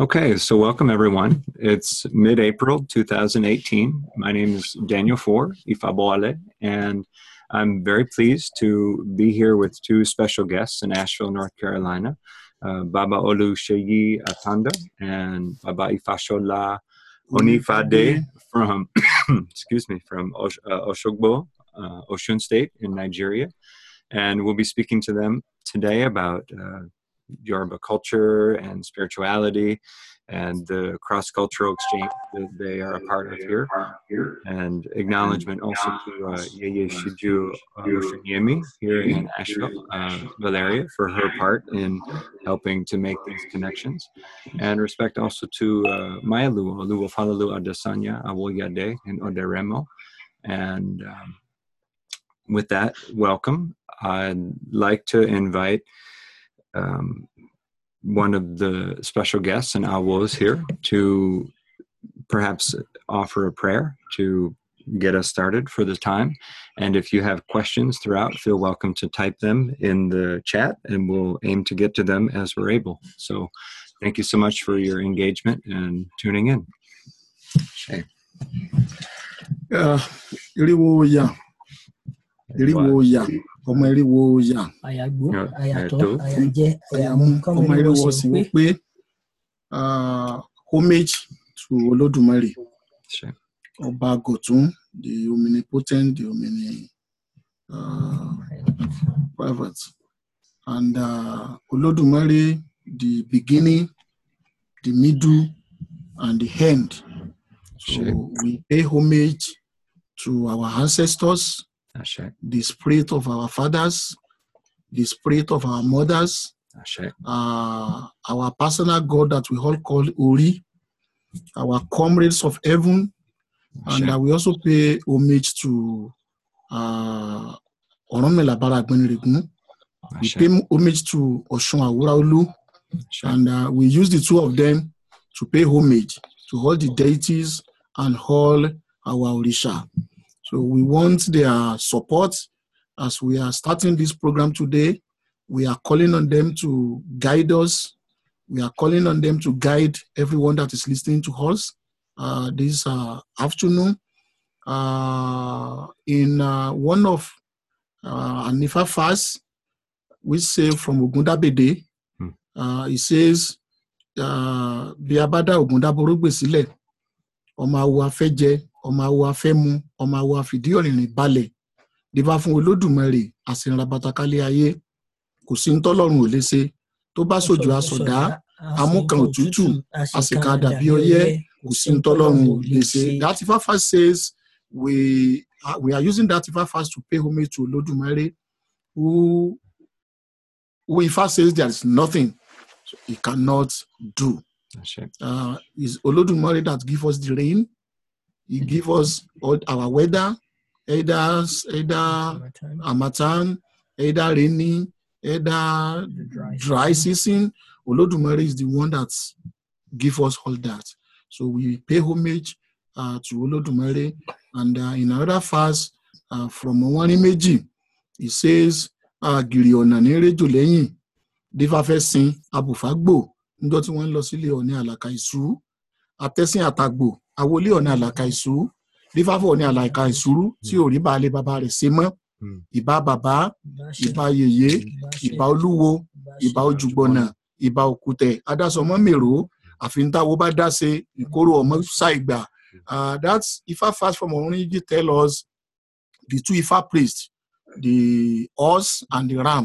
Okay, so welcome everyone. It's mid April 2018. My name is Daniel Four, Ifaboale, and I'm very pleased to be here with two special guests in Asheville, North Carolina uh, Baba Olu Sheyi Atanda and Baba Ifashola Onifade from, excuse me, from Osh- uh, Oshogbo, uh, Oshun State in Nigeria. And we'll be speaking to them today about uh, Yoruba culture and spirituality and the cross cultural exchange that they are a part of here. And acknowledgement also to uh, Yeye Shiju Oshanyemi uh, here in Asheville, uh, Valeria, for her part in helping to make these connections. And respect also to uh, Maya Luo, Luo Falalu Adesanya Awoyade and Oderemo. And um, with that, welcome. I'd like to invite um, one of the special guests and I was here mm-hmm. to perhaps offer a prayer to get us started for the time. And if you have questions throughout, feel welcome to type them in the chat and we'll aim to get to them as we're able. So thank you so much for your engagement and tuning in. Okay. Uh, ọmọ eré wo yà. àyàgbó àyàtọ̀ àyàjẹ àyàmú ọmọ eré wo sì pé homage to olódùmarè ọba gọ̀tún the omnipotent the omni uh, private and uh, olódùmarè the beginning the middle and the end so we pay homage to our ancestors the spirit of our fathers, the spirit of our mothers, uh, our personal God that we all call Uri, our comrades of heaven, and uh, we also pay homage to uh, we pay homage to Oshun Awuraulu, and uh, we use the two of them to pay homage to all the deities and all our Orisha. So we want their support as we are starting this program today. We are calling on them to guide us. We are calling on them to guide everyone that is listening to us uh, this uh, afternoon. Uh, in uh, one of uh, Anifa Fast, we say from Ogundabede, hmm. uh, he says, uh, Biabada Ogundaborogbe Sile, Oma Uafeje, ọmọ awo afẹ́mu ọmọ awo afìdí ọ̀rìnrìn balẹ̀ díbá fún olódùmarè àsìnrabatakálẹ̀ ayé kò sí ń ò lè tó bá sòjò àsọ̀dá amúkan òtútù àsìkà dàbí ọyẹ́ kò sí ń ò lè ṣe says we uh, we are using that Ifafa to pay homage to olódùmarè who who Ifa says there is nothing so he cannot do. Uh, is Olódùmarè that give us the rain He give us all our weather, either either amatan, either rainy, either dry, dry season. Olodumare is the one that give us all that. So we pay homage uh, to Olodumare. And uh, in another verse uh, from Owanimeji, he says, ah, Gìrì ọ̀nà ní rédíò lẹ́yìn, Dífá fẹ́ sin Abùfágbò níjọ́ tí atesin atagbo." àwọlé ọ̀nà àlàkà ìṣúrú lífàfọ̀ ní àlàkà ìṣúrú tí hmm. ò rí baálé bàbá rẹ̀ ṣe mọ́ hmm. ìbá bàbá ìbá yèyé ìbá olúwo ìbá ojúgbọ̀nà ìbá òkútẹ̀ adásọmọ́ mèrò àfintàwó bá dáṣe ìkóró hmm. ọmọ ṣàìgbà uh, that Ifa fast from Orinji tell us the two Ifa priests the horse and the ram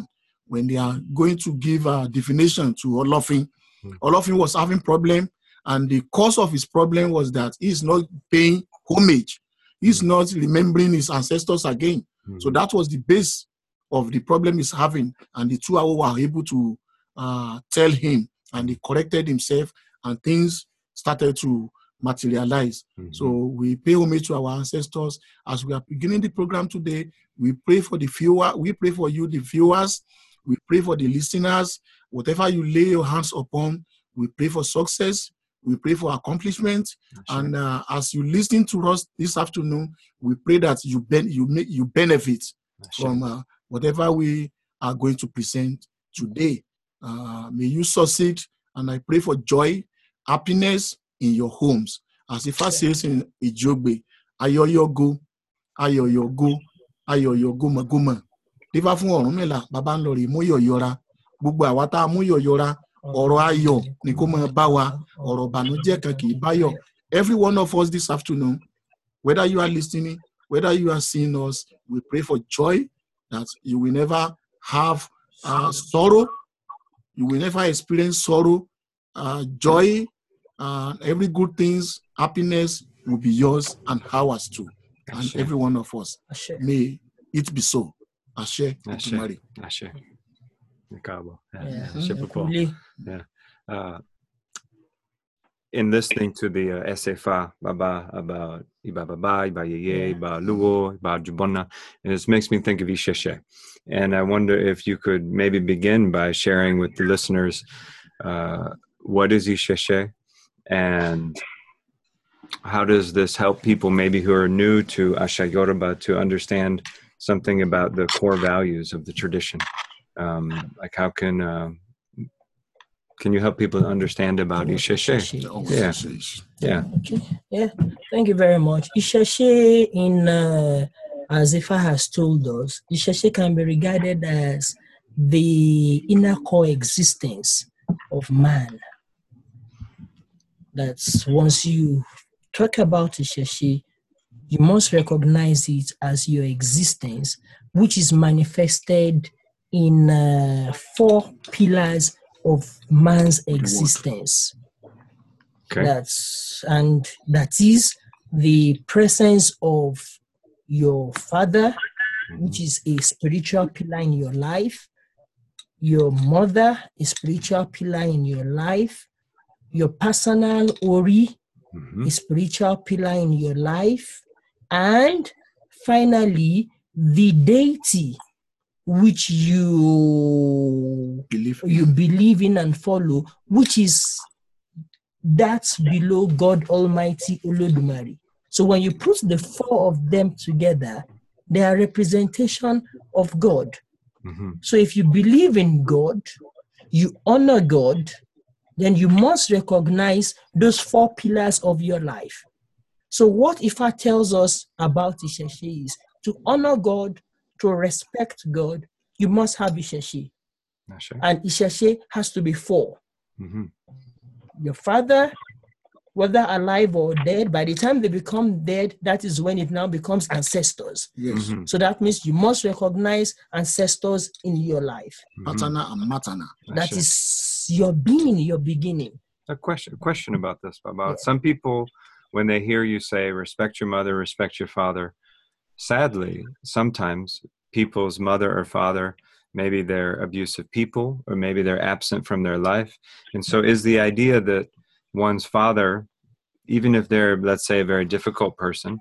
when they are going to give a uh, definition to Olofin. Mm. Olofin was having problem And the cause of his problem was that he's not paying homage. He's hmm. not remembering his ancestors again. mm So hmm. that was the base of the problem he's having. And the two hour were able to uh, tell him, and he corrected himself, and things started to materialize. Mm-hmm. So we pay homage to our ancestors. As we are beginning the program today, we pray for the viewer, we pray for you, the viewers, we pray for the listeners, whatever you lay your hands upon, we pray for success, we pray for accomplishment. And uh, as you listen to us this afternoon, we pray that you ben- you make you benefit from uh, whatever we are going to present today. Uh, may you succeed. And I pray for joy, happiness in your homes. As if I says in Ijogbe, Ayoyogo, Ayoyogo, Ayoyogo Maguma. Dífá fún ọ̀rúnmìlà, bàbá ń rè mú yọ̀yọ̀ra. Gbogbo àwa tá mú yọ̀yọ̀ra ọ̀rọ̀ ayọ̀ ni kó máa bá wa ọ̀rọ̀ ìbànújẹ́ kan kì í báyọ̀ every one of us this afternoon whether you are listening whether you are seeing us we pray for joy that you will never have uh, sorrow you will never experience sorrow uh, joy uh, every good things happiness will be yours and ours too and every one of us may it be so ashe ashe ashe. Yeah, Yeah. Uh, in listening to the uh, SFA Baba about Iba Baba, Iba Yeye, Iba Luo, Iba Jubona, and this makes me think of Isheshe. And I wonder if you could maybe begin by sharing with the listeners uh, what is Isheshe and how does this help people maybe who are new to Asha Yoruba to understand something about the core values of the tradition? um, like how can uh, can you help people understand about Isheshe? Yeah. Oh, yeah. Okay. Yeah. Thank you very much. Isheshe, in uh, as Ifa has told us, Isheshe can be regarded as the inner coexistence of man. That's once you talk about Isheshe, you must recognize it as your existence, which is manifested in uh, four pillars of man's existence. Okay. That's and that is the presence of your father, mm-hmm. which is a spiritual pillar in your life, your mother, a spiritual pillar in your life, your personal ori, mm-hmm. a spiritual pillar in your life, and finally the deity which you believe you believe in and follow, which is that's below God Almighty Olodumare. So when you put the four of them together, they are representation of God. Mm-hmm. So if you believe in God, you honor God, then you must recognize those four pillars of your life. So what Ifa tells us about Isheshe is to honor God, to respect God, you must have Ishashi, And Ishashi has to be 4 mm-hmm. Your father, whether alive or dead, by the time they become dead, that is when it now becomes ancestors. Yes. Mm-hmm. So that means you must recognize ancestors in your life. Matana mm-hmm. and matana. That is your being, your beginning. A question, a question about this, about yeah. some people, when they hear you say, respect your mother, respect your father, sadly, sometimes people's mother or father, maybe they're abusive people, or maybe they're absent from their life. And so, is the idea that one's father, even if they're, let's say, a very difficult person,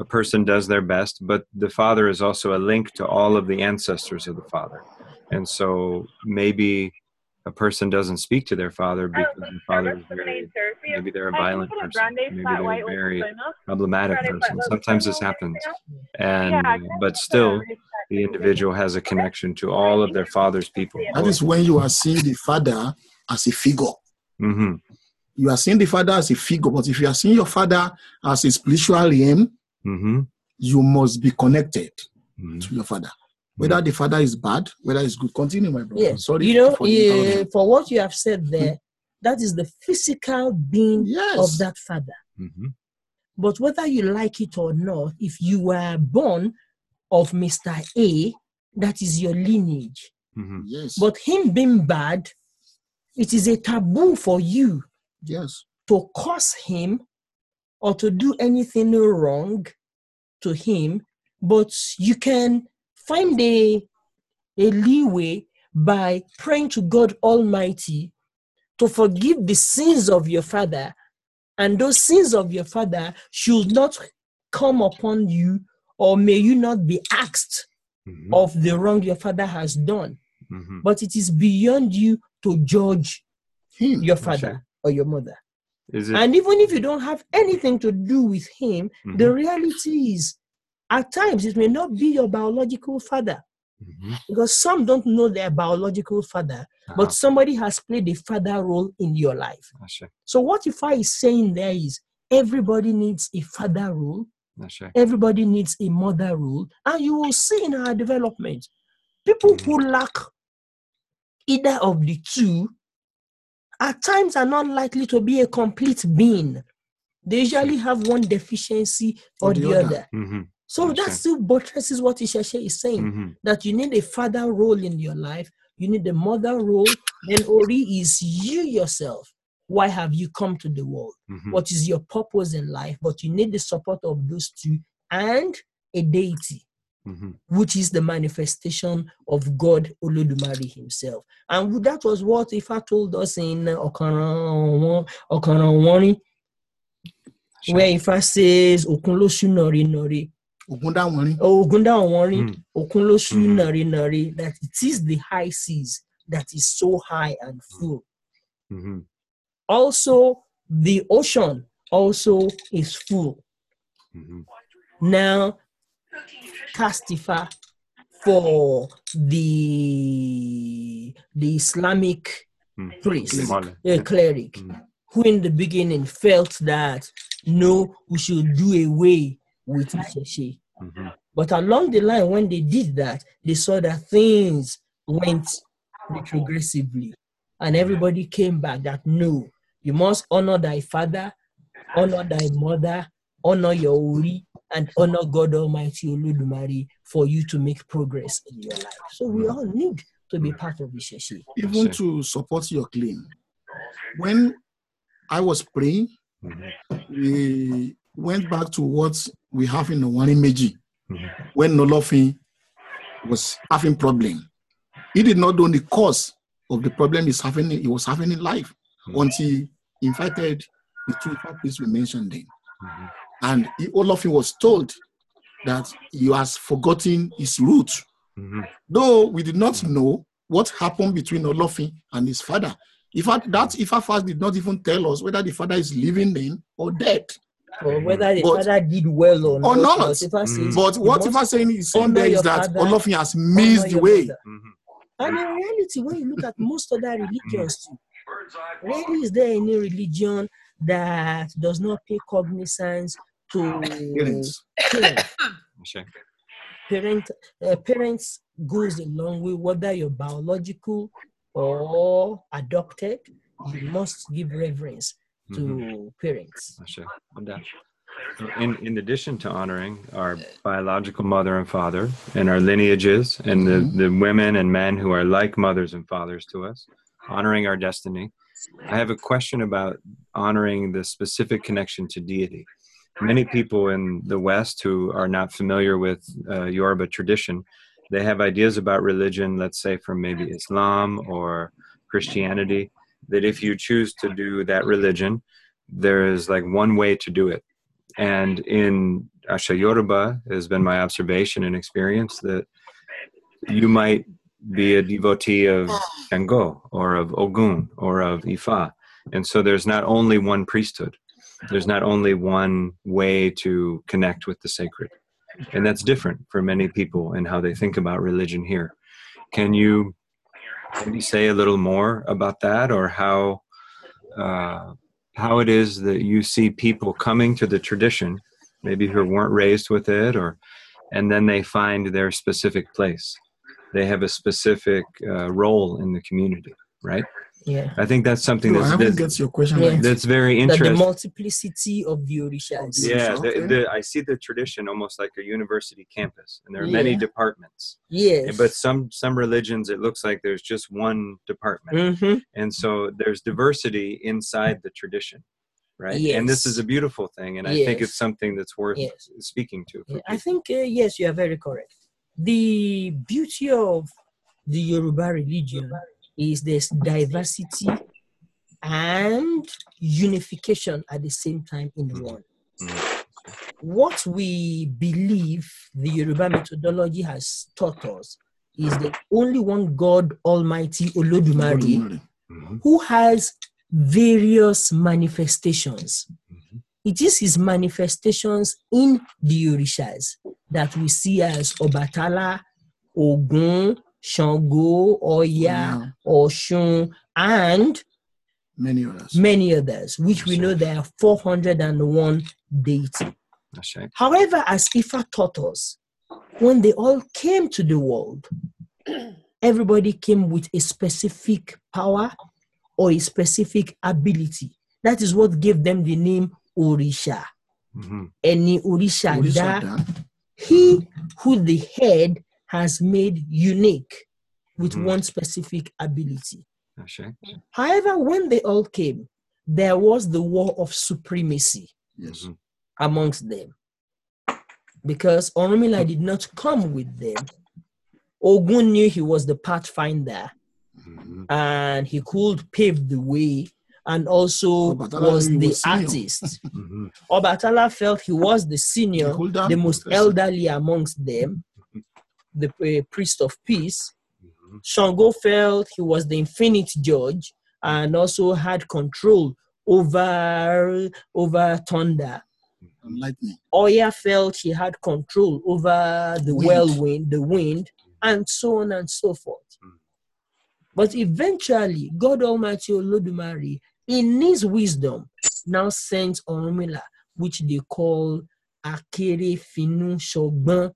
a person does their best, but the father is also a link to all of the ancestors of the father. And so, maybe a person doesn't speak to their father because oh, the father is very, Maybe they're a violent person. Maybe they're a very problematic person. Sometimes this happens. And but still the individual has a connection to all of their father's people. That is when you are seeing the father as a figure. Mm-hmm. You are seeing the father as a figure, but if you are seeing your father as a spiritual realm, mm-hmm. you must be connected mm-hmm. to your father. Whether mm-hmm. the father is bad, whether it's good. Continue, my brother. Yeah. Sorry. You know, for, uh, for what you have said there, that is the physical being yes. of that father. Mm-hmm. But whether you like it or not, if you were born of Mr. A, that is your lineage. Mm-hmm. Yes. But him being bad, it is a taboo for you. Yes. To curse him or to do anything wrong to him, but you can find a, a leeway by praying to God Almighty to forgive the sins of your father, and those sins of your father should not come upon you, or may you not be asked mm-hmm. of the wrong your father has done. Mm-hmm. But it is beyond you to judge him, your father or your mother. It- and even if you don't have anything to do with him, mm-hmm. the reality is at times it may not be your biological father. Mm-hmm. Because some don't know their biological father, uh-huh. but somebody has played a father role in your life. So, what if I is saying there is everybody needs a father role, everybody needs a mother role, and you will see in our development people mm-hmm. who lack either of the two at times are not likely to be a complete being. They usually have one deficiency or, or the, the, other. other. Mm-hmm. So that still buttresses what Isheshe is saying mm-hmm. that you need a father role in your life, you need a mother role, and Ori is you yourself. Why have you come to the world? Mm-hmm. What is your purpose in life? But you need the support of those two and a deity. Mm-hmm. Which is the manifestation of God Olodumare Himself, and that was what Ifa told us in Okanawani, where Ifa says Okunlosu Nori Nori, Ogun down one. Ogun down su hmm. hmm. That it is the high seas that is so high and hmm. full. Mm-hmm. Also, the ocean also is full. Mm-hmm. Now, testify for the the Islamic mm. priest, a cleric, mm. who in the beginning felt that no, we should do away with Sheshe. Mm-hmm. But along the line, when they did that, they saw that things went retrogressively. And everybody came back that no, you must honor thy father, honor thy mother, honor your Uri, and honor God Almighty Oludumari for you to make progress in your life. So we mm-hmm. all need to be mm-hmm. part of Isheshi. Even to support your claim. When I was praying, mm-hmm. we went back to what we have in one image hmm when Nolofin was having problem. He did not know the cause of the problem he's having, he was having in life mm-hmm. until he invited the two parties we mentioned then. Mm-hmm. And he, was told that he has forgotten his root. Mm-hmm. Though we did not mm-hmm. know what happened between Olofin and his father. In fact, that Ifafas did not even tell us whether the father is living then or dead whether the father did well or, or not. not. Mm. But what if I'm saying is Sunday is that Olofin has missed the way. Mm-hmm. And in reality, when you look at most other religions where is is there any religion that does not pay cognizance to parents. Parent, uh, parents goes a long way, whether you're biological or adopted, you must give reverence to mm-hmm. parents. Sure, In, in addition to honoring our biological mother and father and our lineages and mm-hmm. the, the women and men who are like mothers and fathers to us, honoring our destiny, I have a question about honoring the specific connection to deity. Many people in the West who are not familiar with uh, Yoruba tradition, they have ideas about religion, let's say from maybe Islam or Christianity, that if you choose to do that religion, there is like one way to do it. And in Asha Yoruba, has been my observation and experience that you might be a devotee of Shango or of Ogun or of Ifa. And so there's not only one priesthood, there's not only one way to connect with the sacred. And that's different for many people and how they think about religion here. Can you maybe say a little more about that or how uh, how it is that you see people coming to the tradition maybe who weren't raised with it or and then they find their specific place they have a specific uh, role in the community right yeah. I think that's something no, that's, I that's, your question yeah. right. that's very interesting. That the multiplicity of the Orishas. Yeah, the, yeah. The, I see the tradition almost like a university campus, and there are yeah. many departments. Yes. But some some religions, it looks like there's just one department, mm-hmm. and so there's diversity inside the tradition right yes. and this is a beautiful thing and i yes. think it's something that's worth yes. speaking to i think uh, yes you are very correct the beauty of the yoruba religion is there's diversity and unification at the same time in mm. one. Mm. What we believe the Yoruba methodology has taught us is the only one God Almighty Olodumare mm-hmm. who has various manifestations. Mm-hmm. is his manifestations in the Orishas that we see as Obatala, Ogun, Shango, Oya, or Oshun, and many others. Many others, which we know there are 401 deity. However, as Ifa taught us, when they all came to the world, everybody came with a specific power or a specific ability. That is what gave them the name Orisha. Mm-hmm. Any Orisha, Orisha da, da. he who the head has made unique with mm-hmm. one specific ability. However, when they all came, there was the war of supremacy yes. amongst them. Because Oromila did not come with them. Ogun knew he was the pathfinder mm-hmm. and he could pave the way and also Obatala was the was artist. Mm-hmm. Obatala felt he was the senior, the most elderly amongst them, the uh, priest of peace. Mm-hmm. Shango felt he was the infinite judge and also had control over over thunder. Lightning. Oya felt he had control over the wind. whirlwind, the wind, and so on and so forth. Mm. But eventually, God Almighty Olodumare, in his wisdom, now sent Orunmila, which they call Akere Finu Shogun,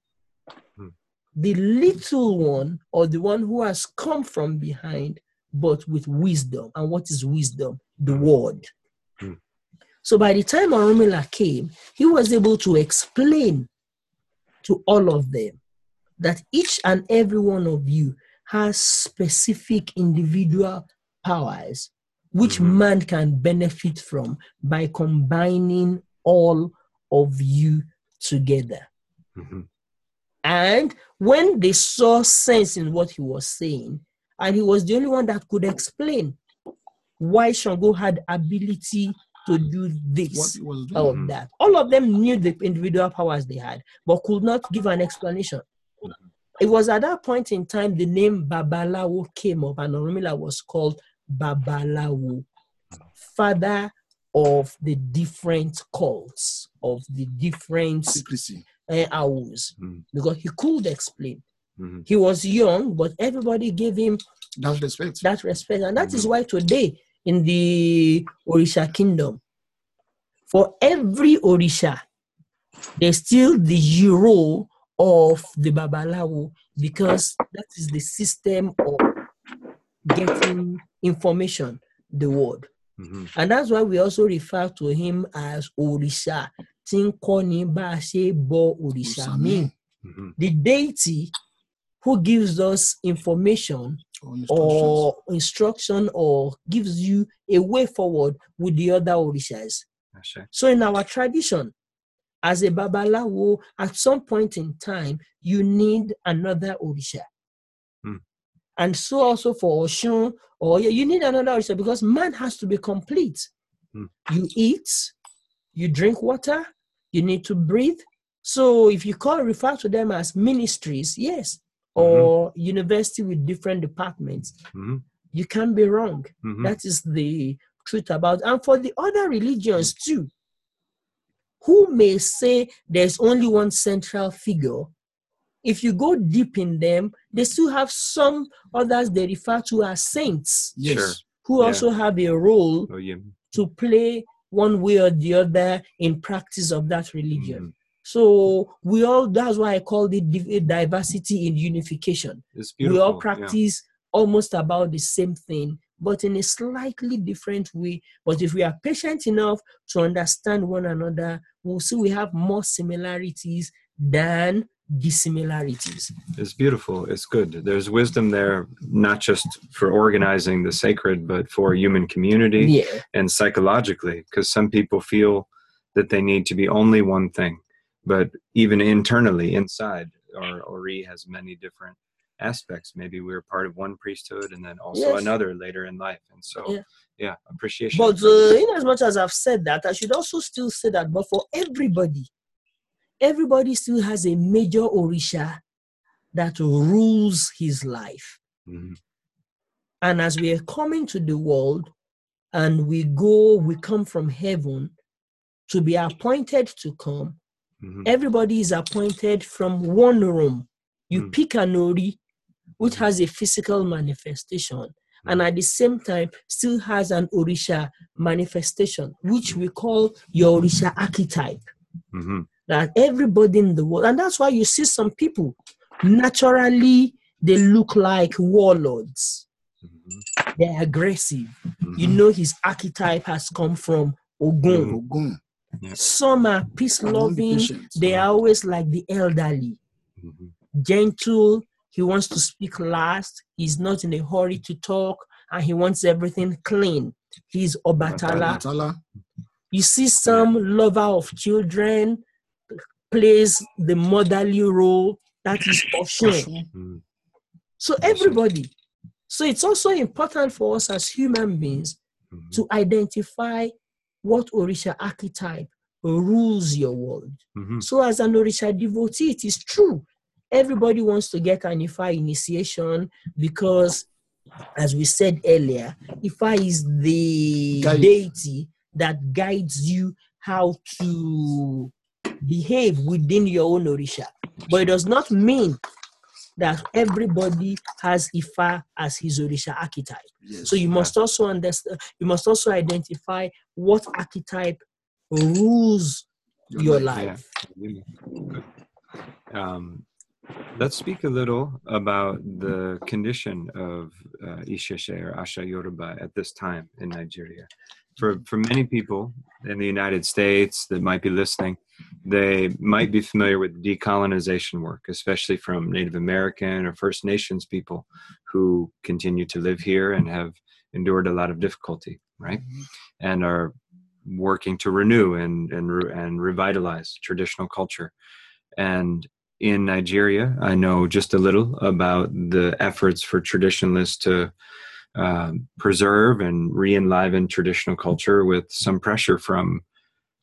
the little one or the one who has come from behind, but with wisdom. And what is wisdom? The word. Hmm. So by the time Arumila came, he was able to explain to all of them that each and every one of you has specific individual powers which mm-hmm. man can benefit from by combining all of you together. Mm-hmm. And when they saw sense in what he was saying, and he was the only one that could explain why Shango had ability to do this or mm-hmm. that. All of them knew the individual powers they had, but could not give an explanation. It was at that point in time the name Babalawo came up, and Romila was called Babalawo, father of the different cults, of the different secrecy uh, hours mm. because he could explain. Mm-hmm. He was young, but everybody gave him that respect. That respect, and that mm-hmm. is hmm. why today in the Orisha kingdom, for every Orisha, there's still the hero of the Babalawo because that is the system of getting information, the word. Mm-hmm. And that's why we also refer to him as Orisha tí ń kọ́ ni bá a ṣe bọ òrìṣà mm-hmm. The deity who gives us information or instruction or, instruction or gives you a way forward with the other orishas. So in our tradition, as a babalawo, at some point in time, you need another orisha. Mm. And so also for Oshun, or you need another orisha because man has to be complete. Mm. You eat, you drink water, you need to breathe. So if you call refer to them as ministries, yes, mm-hmm. or mm-hmm. university with different departments, mm-hmm. you can be wrong. Mm-hmm. That is the truth about. And for the other religions mm. too, who may say there's only one central figure. If you go deep in them, they still have some others they refer to as saints. Yes. Sure. Who yeah. also have a role oh, yeah. to play one way or the other in practice of that religion. Mm. So we all that's why I called it diversity in unification. We all practice yeah. almost about the same thing, but in a slightly different way. But if we are patient enough to understand one another, we'll see we have more similarities than dissimilarities. It's beautiful. It's good. There's wisdom there, not just for organizing the sacred, but for human community yeah. and psychologically, because some people feel that they need to be only one thing. But even internally, inside, our Ori has many different aspects. Maybe we are part of one priesthood and then also yes. another later in life. And so, yeah, yeah appreciation. But uh, in as much as I've said that, I should also still say that, but for everybody, everybody still has a major orisha that rules his life. Mm-hmm. And as we are coming to the world and we go, we come from heaven to be appointed to come, mm-hmm. everybody is appointed from one room. You mm-hmm. pick an ori which mm-hmm. has a physical manifestation and mm. at the same time still has an orisha manifestation which mm. we call your orisha archetype. Mm-hmm that everybody in the world, and that's why you see some people naturally they look like warlords. Mm-hmm. They're aggressive. Mm-hmm. You know his archetype has come from Ogun. Mm-hmm. Ogun. Yeah. Some are peace loving. They are mm-hmm. always like the elderly, mm-hmm. gentle. He wants to speak last. He's not in a hurry to talk, and he wants everything clean. He's Obatala. Obatala. You see some lover of children, plays the motherly role that is Oshun. Hmm. So everybody. So it's also important for us as human beings hmm. to identify what Orisha archetype rules your world. Hmm. So as an Orisha devotee, it is true. Everybody wants to get an Ifa initiation because, as we said earlier, Ifa is the Guide. deity that guides you how to behave within your own orisha. But it does not mean that everybody has Ifa as his orisha archetype. Yes, so you right. must also understand. You must also identify what archetype rules your, your life. life. Yeah. Um, let's speak a little about the condition of uh, Isheshe or Asha Yoruba at this time in Nigeria for for many people in the United States that might be listening, they might be familiar with decolonization work, especially from Native American or First Nations people who continue to live here and have endured a lot of difficulty, right? Mm-hmm. And are working to renew and and and revitalize traditional culture. And in Nigeria, I know just a little about the efforts for traditionalists to um, preserve and re-enliven traditional culture with some pressure from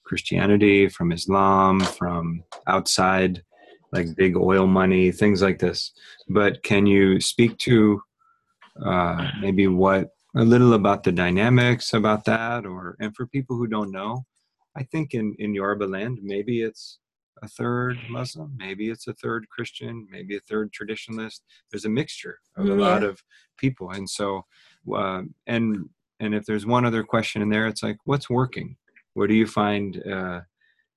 Christianity, from Islam, from outside, like big oil money, things like this. But can you speak to uh, maybe what a little about the dynamics about that, or and for people who don't know, I think in in Yoruba land, maybe it's a third Muslim, maybe it's a third Christian, maybe a third traditionalist. There's a mixture of a mm-hmm. lot of people, and so uh, and and if there's one other question in there, it's like, what's working? What do you find uh,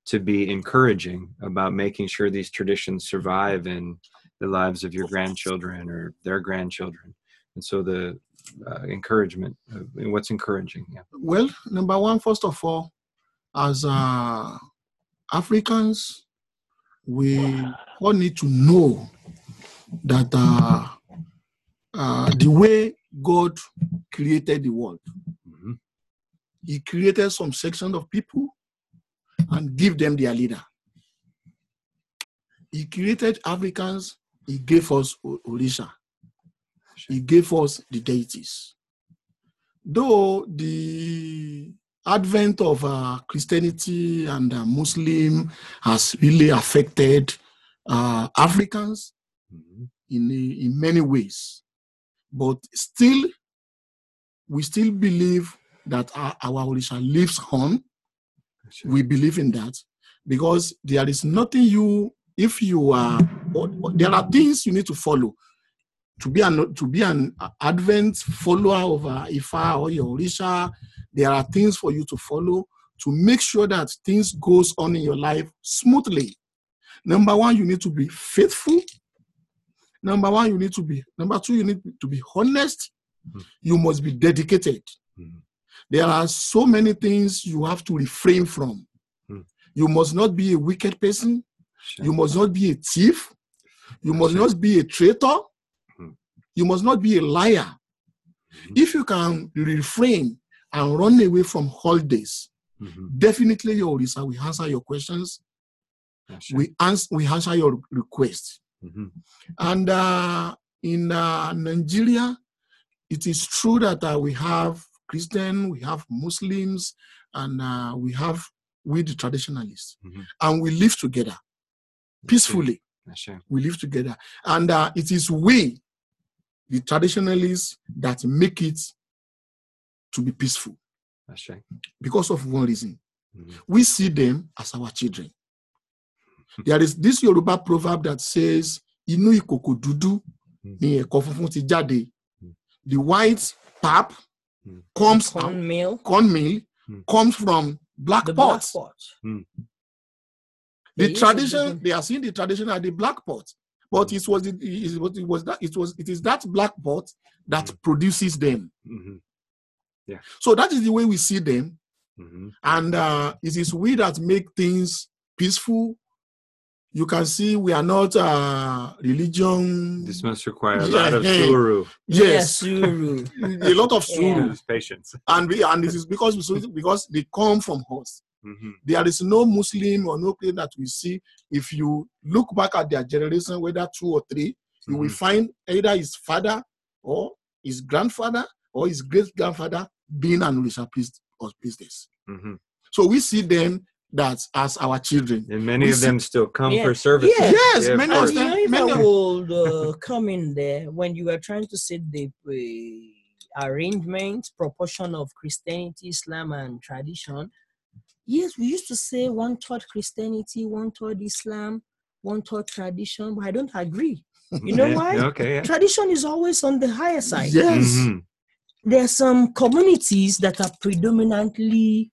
to be encouraging about making sure these traditions survive in the lives of your grandchildren or their grandchildren? And so the uh, encouragement, uh, what's encouraging? Yeah. Well, number one, first of all, as uh, Africans, we all need to know that uh, uh, the way God created the world, mm-hmm. He created some sections of people and give them their leader. He created Africans, he gave us Orisha. He gave us the deities. Though the advent of uh, Christianity and uh, Muslim has really affected uh, Africans mm-hmm. in, in many ways. But still, we still believe that our, our Orisha lives on. Sure. We believe in that because there is nothing you, if you are, there are things you need to follow to be an to be an Advent follower of uh, Ifa or your Orisha, there are things for you to follow to make sure that things goes on in your life smoothly. Number one, you need to be faithful. Number one, you need to be number two, you need to be honest. Hmm. You must be dedicated. Hmm. There are so many things you have to refrain from. Hmm. You must not be a wicked person. You must not be a thief. You must not be a traitor. You must not be a liar. Mm-hmm. If you can refrain and run away from holidays, mm-hmm. definitely your Orisa will answer your questions. Gotcha. We, ans- we answer your requests. Mm-hmm. And uh, in uh, Nigeria, it is true that uh, we have Christian, we have Muslims, and uh, we have we the traditionalists, mm-hmm. and we live together peacefully. Sure. We live together, and uh, it is we the traditionalists that make it to be peaceful. That's right. Because of one reason. Mm-hmm. We see them as our children. there is this Yoruba proverb that says, Inu ikoko dudu ni eko mm-hmm. funfun ti jade. Mm-hmm. The white pap mm. comes corn from, meal, corn meal mm. comes from black the pot. Black pot. Mm. The tradition, they are seeing the tradition at the black pot. But it was it, it was that it was it is that black bot that mm-hmm. produces them. Mm-hmm. Yeah. So that is the way we see them, mm-hmm. and uh, it is we that make things peaceful. You can see we are not uh, religion. This must require a yeah. lot of suru. Yes, yeah, suru. a lot of suru. Yeah. Patience. And we, and this is because because they come from us. Mm-hmm. There is no Muslim or no Christian that we see. If you look back at their generation, whether two or 3 mm-hmm. you will mm-hmm. find either his father or his grandfather or his great grandfather being an Orisha priest or priestess. Mm-hmm. So we see them that as our children. And many we of see, them still come yeah. for service. Yes, yes yeah, many of, them. You many will uh, come in there when you are trying to set the. Uh, arrangement, proportion of Christianity, Islam, and tradition, Yes, we used to say one third Christianity, one third Islam, one third tradition, but I don't agree. You know yeah, why? Okay, yeah. Tradition is always on the higher side. Yes. Mm-hmm. There are some communities that are predominantly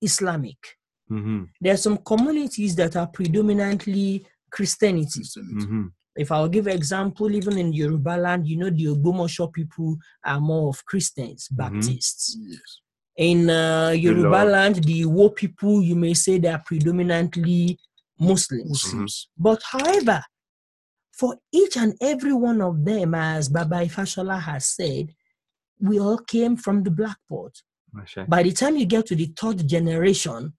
Islamic. Mm-hmm. There are some communities that are predominantly Christianity. Mm-hmm. If I'll give an example, even in Yoruba land, you know, the Ogbomoso people are more of Christians, mm-hmm. Baptists. Yes. In uh, Yoruba land, the Iwo people, you may say they are predominantly Muslims. Muslims. But however, for each and every one of them, as Baba Ifashola has said, we all came from the blackboard. By the time you get to the third generation,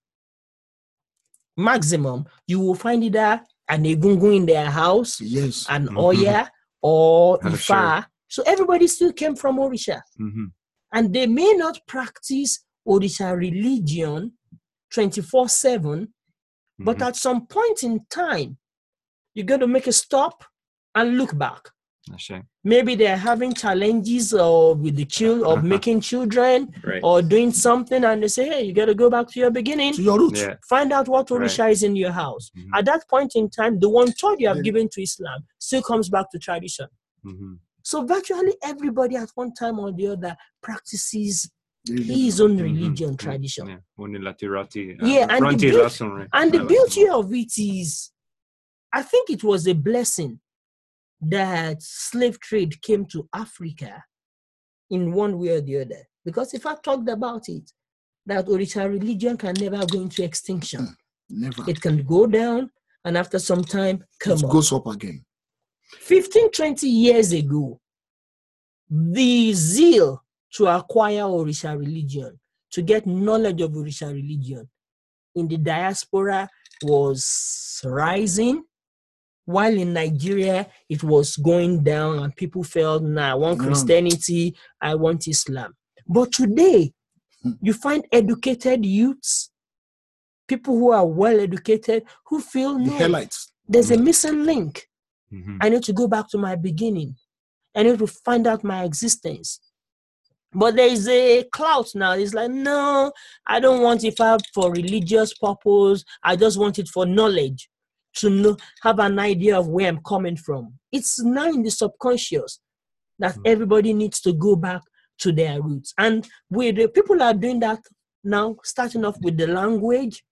maximum, you will find either an egungun in their house, yes. an mm-hmm. Oya, or Ifa. Sure. So everybody still came from Orisha. Mm-hmm. And they may not practice Odisha religion 24 7, mm-hmm. but at some point in time, you're going to make a stop and look back. Maybe they're having challenges or with the child of uh-huh. making children right. or doing something, and they say, "Hey, you got to go back to your beginning, to your roots. Yeah. Find out what Orisha right. is in your house." Mm-hmm. At that point in time, the one thought you have yeah. given to Islam still comes back to tradition. Mm-hmm. So virtually everybody at one time or the other practices religion. his own mm-hmm. religion mm-hmm. tradition. Yeah, Uh, yeah, and, the, be- and the beauty of it is, I think it was a blessing that slave trade came to Africa in one way or the other. Because if I talked about it, that original religion can never go into extinction. Hmm. Never. It can go down and after some time come it up. goes up again. 15, 20 years ago, the zeal to acquire Orisha religion, to get knowledge of Orisha religion in the diaspora was rising, while in Nigeria it was going down, and people felt, nah, I want Christianity, I want Islam. But today, hmm. you find educated youths, people who are well educated, who feel no, the there's a missing link. Mm-hmm. I need to go back to my beginning. I need to find out my existence. But there is a clout now. It's like, no, I don't want it for religious purpose. I just want it for knowledge, to know, have an idea of where I'm coming from. It's now in the subconscious that mm-hmm. everybody needs to go back to their roots. And we, the people are doing that now, starting off with the language,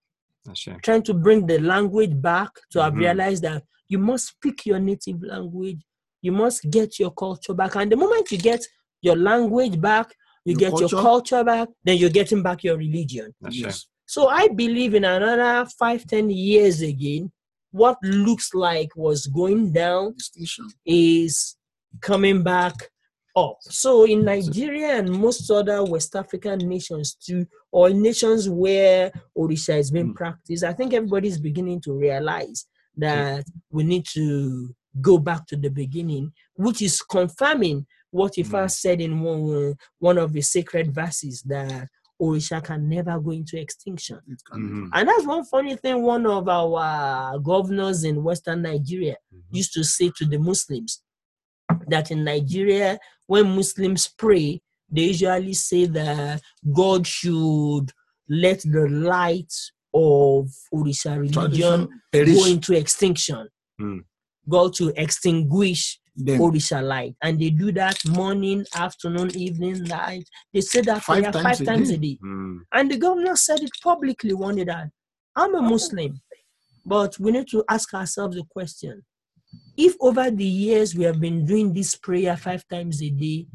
trying to bring the language back to mm-hmm. that you must speak your native language. You must get your culture back. And the moment you get your language back, you your get culture? your culture back, then you're getting back your religion. yes. Right. So I believe in another five, ten years again, what looks like was going down is coming back up. So in Nigeria and most other West African nations too, or nations where Odisha is being mm. practiced, I think everybody's beginning to realize that we need to go back to the beginning, which is confirming what Ifa mm. said in one, one of the sacred verses that Orisha can never go into extinction. Mm-hmm. And that's one funny thing one of our governors in Western Nigeria mm-hmm. used to say to the Muslims that in Nigeria, when Muslims pray, they usually say that God should let the light of Orisa religion Tradition. go into extinction, mm. go to extinguish them. Orisa light. And they do that morning, afternoon, evening, night. They say that five, times, five a times day. a day. Mm. And the governor said it publicly one day that I'm a Muslim, but we need to ask ourselves the question if over the years we have been doing this prayer five times a day,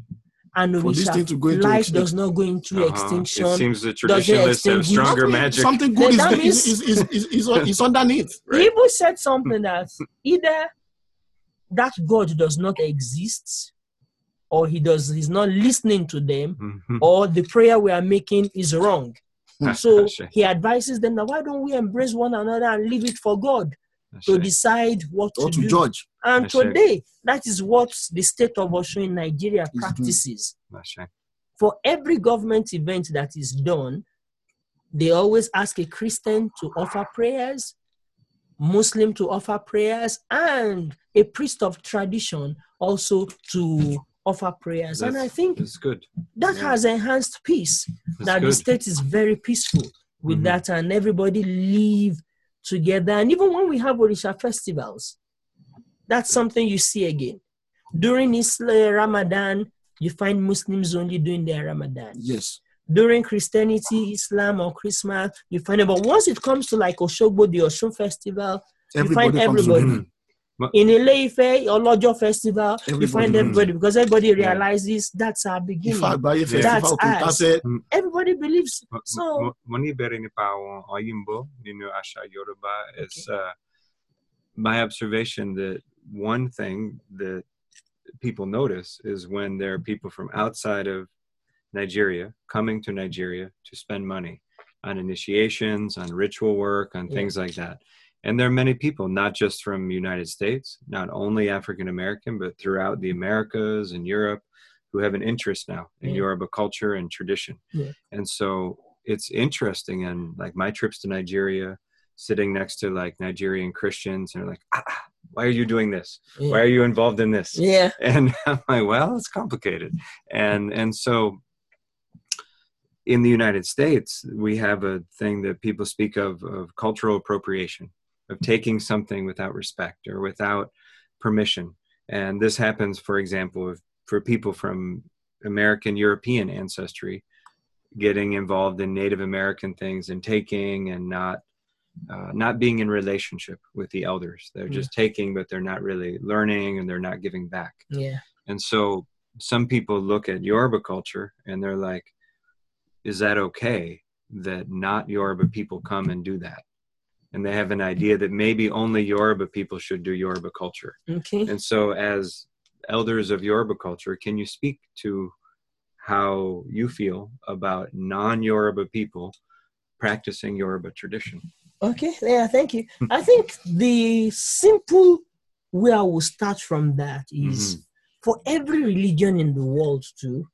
and for this thing to go into life extinction. does not go into uh-huh. extinction. It seems the tradition is stronger magic. Something good is, means, is, is, is, is, is underneath. Right? People said something that either that God does not exist, or he does he's not listening to them, mm-hmm. or the prayer we are making is wrong. so he advises them that why don't we embrace one another and leave it for God? That's to right. decide what or to, to judge. And That's today, right. that is what the state of Osun in Nigeria practices. Right. For every government event that is done, they always ask a Christian to offer prayers, Muslim to offer prayers, and a priest of tradition also to offer prayers. That's, and I think that's good. that yeah. has enhanced peace, that's that good. the state is very peaceful with mm-hmm. that, and everybody live together. And even when we have Orisha festivals, that's something you see again. During Islam, uh, Ramadan, you find Muslims only doing their Ramadan. Yes. During Christianity, Islam, or Christmas, you find it. But once it comes to like Oshogbo, the Oshun festival, everybody you find everybody in ile or Olojo Festival, everybody you find everybody because everybody realizes that's our beginning. that's us. Mm. Everybody believes. So, mo ní the nípa àwọn Òyìnbó nínú àṣà Yorùbá. Uh, my observation that one thing that people notice is when there are people from outside of Nigeria coming to Nigeria to spend money on initiations, on ritual work, on yeah. things like that and there are many people not just from united states not only african american but throughout the americas and europe who have an interest now in yeah. yoruba culture and tradition yeah. and so it's interesting and like my trips to nigeria sitting next to like nigerian christians and like ah, why are you doing this yeah. why are you involved in this yeah and i'm like well it's complicated and and so in the United States, we have a thing that people speak of of cultural appropriation, of taking something without respect or without permission. And this happens, for example, for people from American European ancestry getting involved in Native American things and taking and not uh, not being in relationship with the elders. They're mm. just yeah. taking, but they're not really learning and they're not giving back. Yeah. And so some people look at Yoruba culture and they're like, is that okay that not Yoruba people come and do that? and they have an idea that maybe only Yoruba people should do Yoruba culture. Okay. And so, as elders of Yoruba culture, can you speak to how you feel about non Yoruba people practicing Yoruba tradition? Okay, yeah, thank you. I think the simple way I will start from that is mm-hmm. for every religion in the world to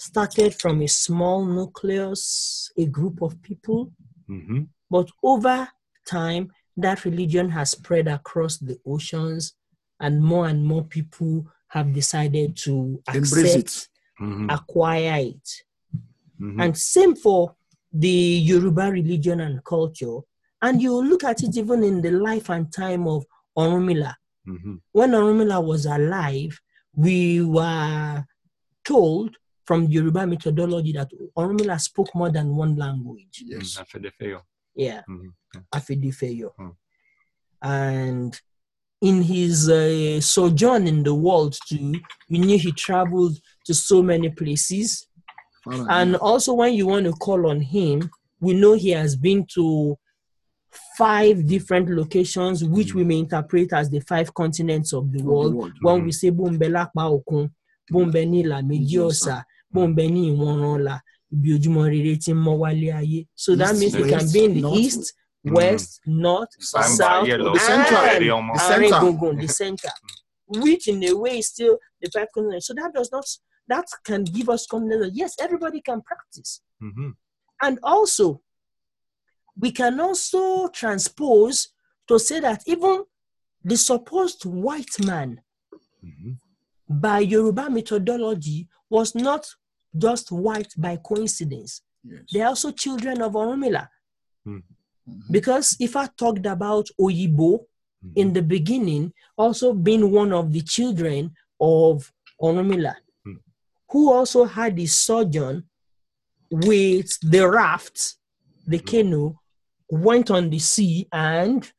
started from a small nucleus, a group of people, mm-hmm. but over time, that religion has spread across the oceans, and more and more people have decided to Embrace accept, it. Mm-hmm. acquire it. Mm-hmm. And same for the Yoruba religion and culture. And you look at it even in the life and time of Orumila. Mm-hmm. When Orumila was alive, we were told from Yoruba methodology that Orumila spoke more than one language. Yes. Mm, yeah, mm-hmm. Mm. And in his uh, sojourn in the world too, you knew he traveled to so many places. And also when you want to call on him, we know he has been to five different locations, which mm-hmm. we may interpret as the five continents of the world. Mm-hmm. When mm-hmm. we say Bombe Lakpa Okun, Bombe Nila Mediosa, Bombe Ni so that means it can be in the east, west, mm. north, south, the central the center. the center, which in a way is still the back So that does not that can give us confidence. Yes, everybody can practice, mm-hmm. and also we can also transpose to say that even the supposed white man mm-hmm. by Yoruba methodology was not just white by coincidence. Yes. They're also children of Oromila. Mm. hmm mm-hmm. Because if I talked about Oyibo mm-hmm. in the beginning, also being one of the children of Oromila, mm. who also had a sojourn with the raft, the mm. canoe, went on the sea and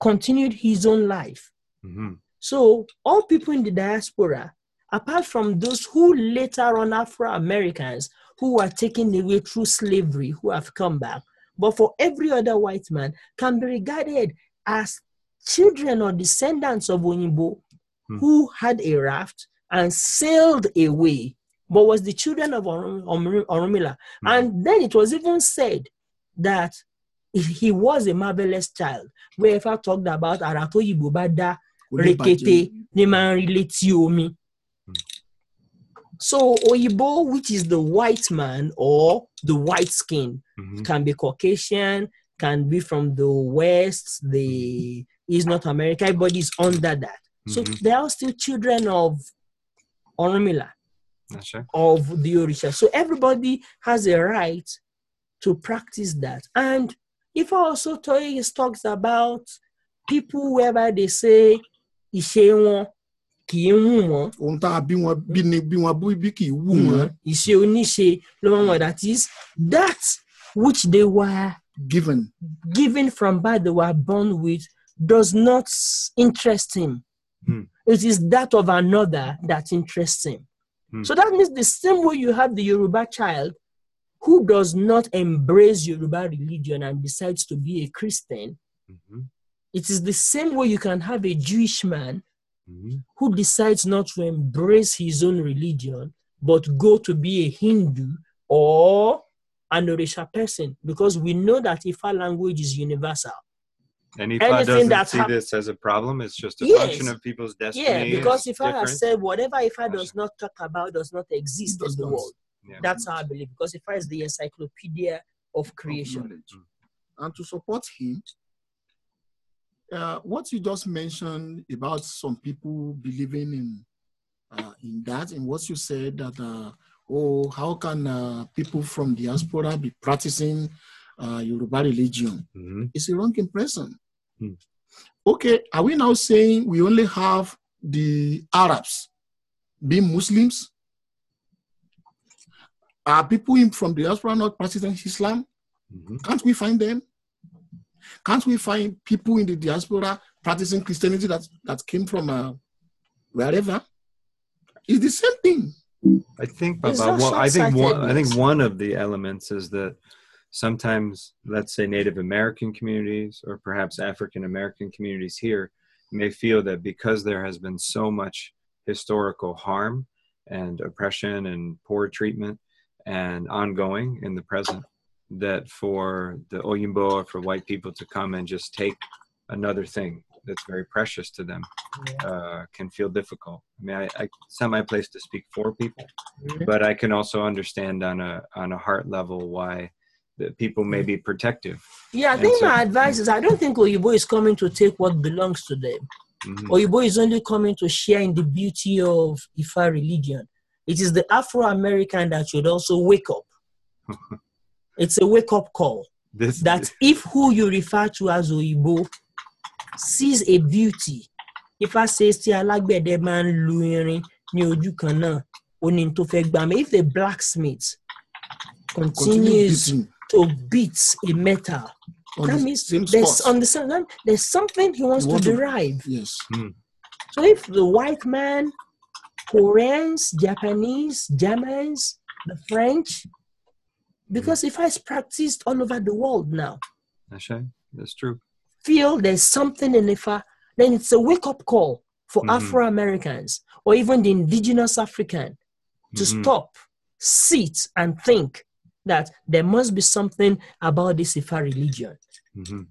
continued his own life. Mm-hmm. So all people in the diaspora apart from those who later on Afro Americans who were taken away through slavery, who have come back, but for every other white man can be regarded as children or descendants of Onyibo hmm. who had a raft and sailed away, but was the children of Orum- Hmm. And then it was even said that he was a marvelous child. We ever talked about Arato Yibobada, Rekete, Niman Relate me. So Oyibo, which is the white man or the white skin, mm-hmm. can be Caucasian, can be from the West, the is mm-hmm. North America, but is under that. Mm-hmm. So they are still children of Oromila, sure. of the Orisha. So everybody has a right to practice that. And if also talks about people whereby they say Ishewon, kì í wù wọ́n. ohun tá a bí wọn bí ni bí wọn bí kì í wù wọ́n. Mm-hmm. ìṣe oníṣe ló máa ń wọ̀ that is that which they were. given. given from birth they were born with does not interest him. Hmm. It is that of another that interests him. Hmm. So that means the same way you have the Yoruba child who does not embrace Yoruba religion and decides to be a Christian, mm-hmm. it is the same way you can have a Jewish man Mm-hmm. who decides not to embrace his own religion but go to be a Hindu or an Orisha person because we know that Ifa language is universal. And Ifa Anything doesn't see hap- this as a problem. It's just a yes. function of people's destiny. Yeah, because Ifa has said whatever Ifa does not talk about does not exist in the world. Yeah. That's how I believe because Ifa is the encyclopedia of creation. Of and to support him, uh, what you just mentioned about some people believing in uh, in that, and what you said that uh, oh, how can uh, people from diaspora be practicing uh, Yoruba religion? Mm-hmm. It's a wrong impression. Mm. Okay, are we now saying we only have the Arabs being Muslims? Are people from diaspora not practicing Islam? Mm-hmm. Can't we find them? Can't we find people in the diaspora practicing Christianity that, that came from uh, wherever? It's the same thing. I think, Baba, well, I think one, I think one of the elements is that sometimes, let's say, Native American communities or perhaps African American communities here may feel that because there has been so much historical harm and oppression and poor treatment and ongoing in the present, that for the Oyinbo for white people to come and just take another thing that's very precious to them uh, can feel difficult. I mean, I, I, it's not my place to speak for people, mm-hmm. but I can also understand on a on a heart level why that people may be protective. Yeah, I think so, my advice is I don't think Oyibo is coming to take what belongs to them. Mm-hmm. Oyibo is only coming to share in the beauty of Ifa religion. It is the Afro American that should also wake up. It's a wake up call this, that if who you refer to as Oibo sees a beauty, if I say, see, I like better man, Louis, you can oní tó fẹ́ gbà if a blacksmith continues Continue to beat a metal on that means there's on the there's something he wants he to derive to, yes mm. so if the white man Koreans Japanese Germans the French Mm. Because if it's practiced all over the world now, that's, right. that's true. Feel there's something in Ifa, then it's a wake up call for mm-hmm. Afro Americans or even the indigenous African to mm-hmm. stop, sit, and think that there must be something about this Ifa religion. Mm-hmm.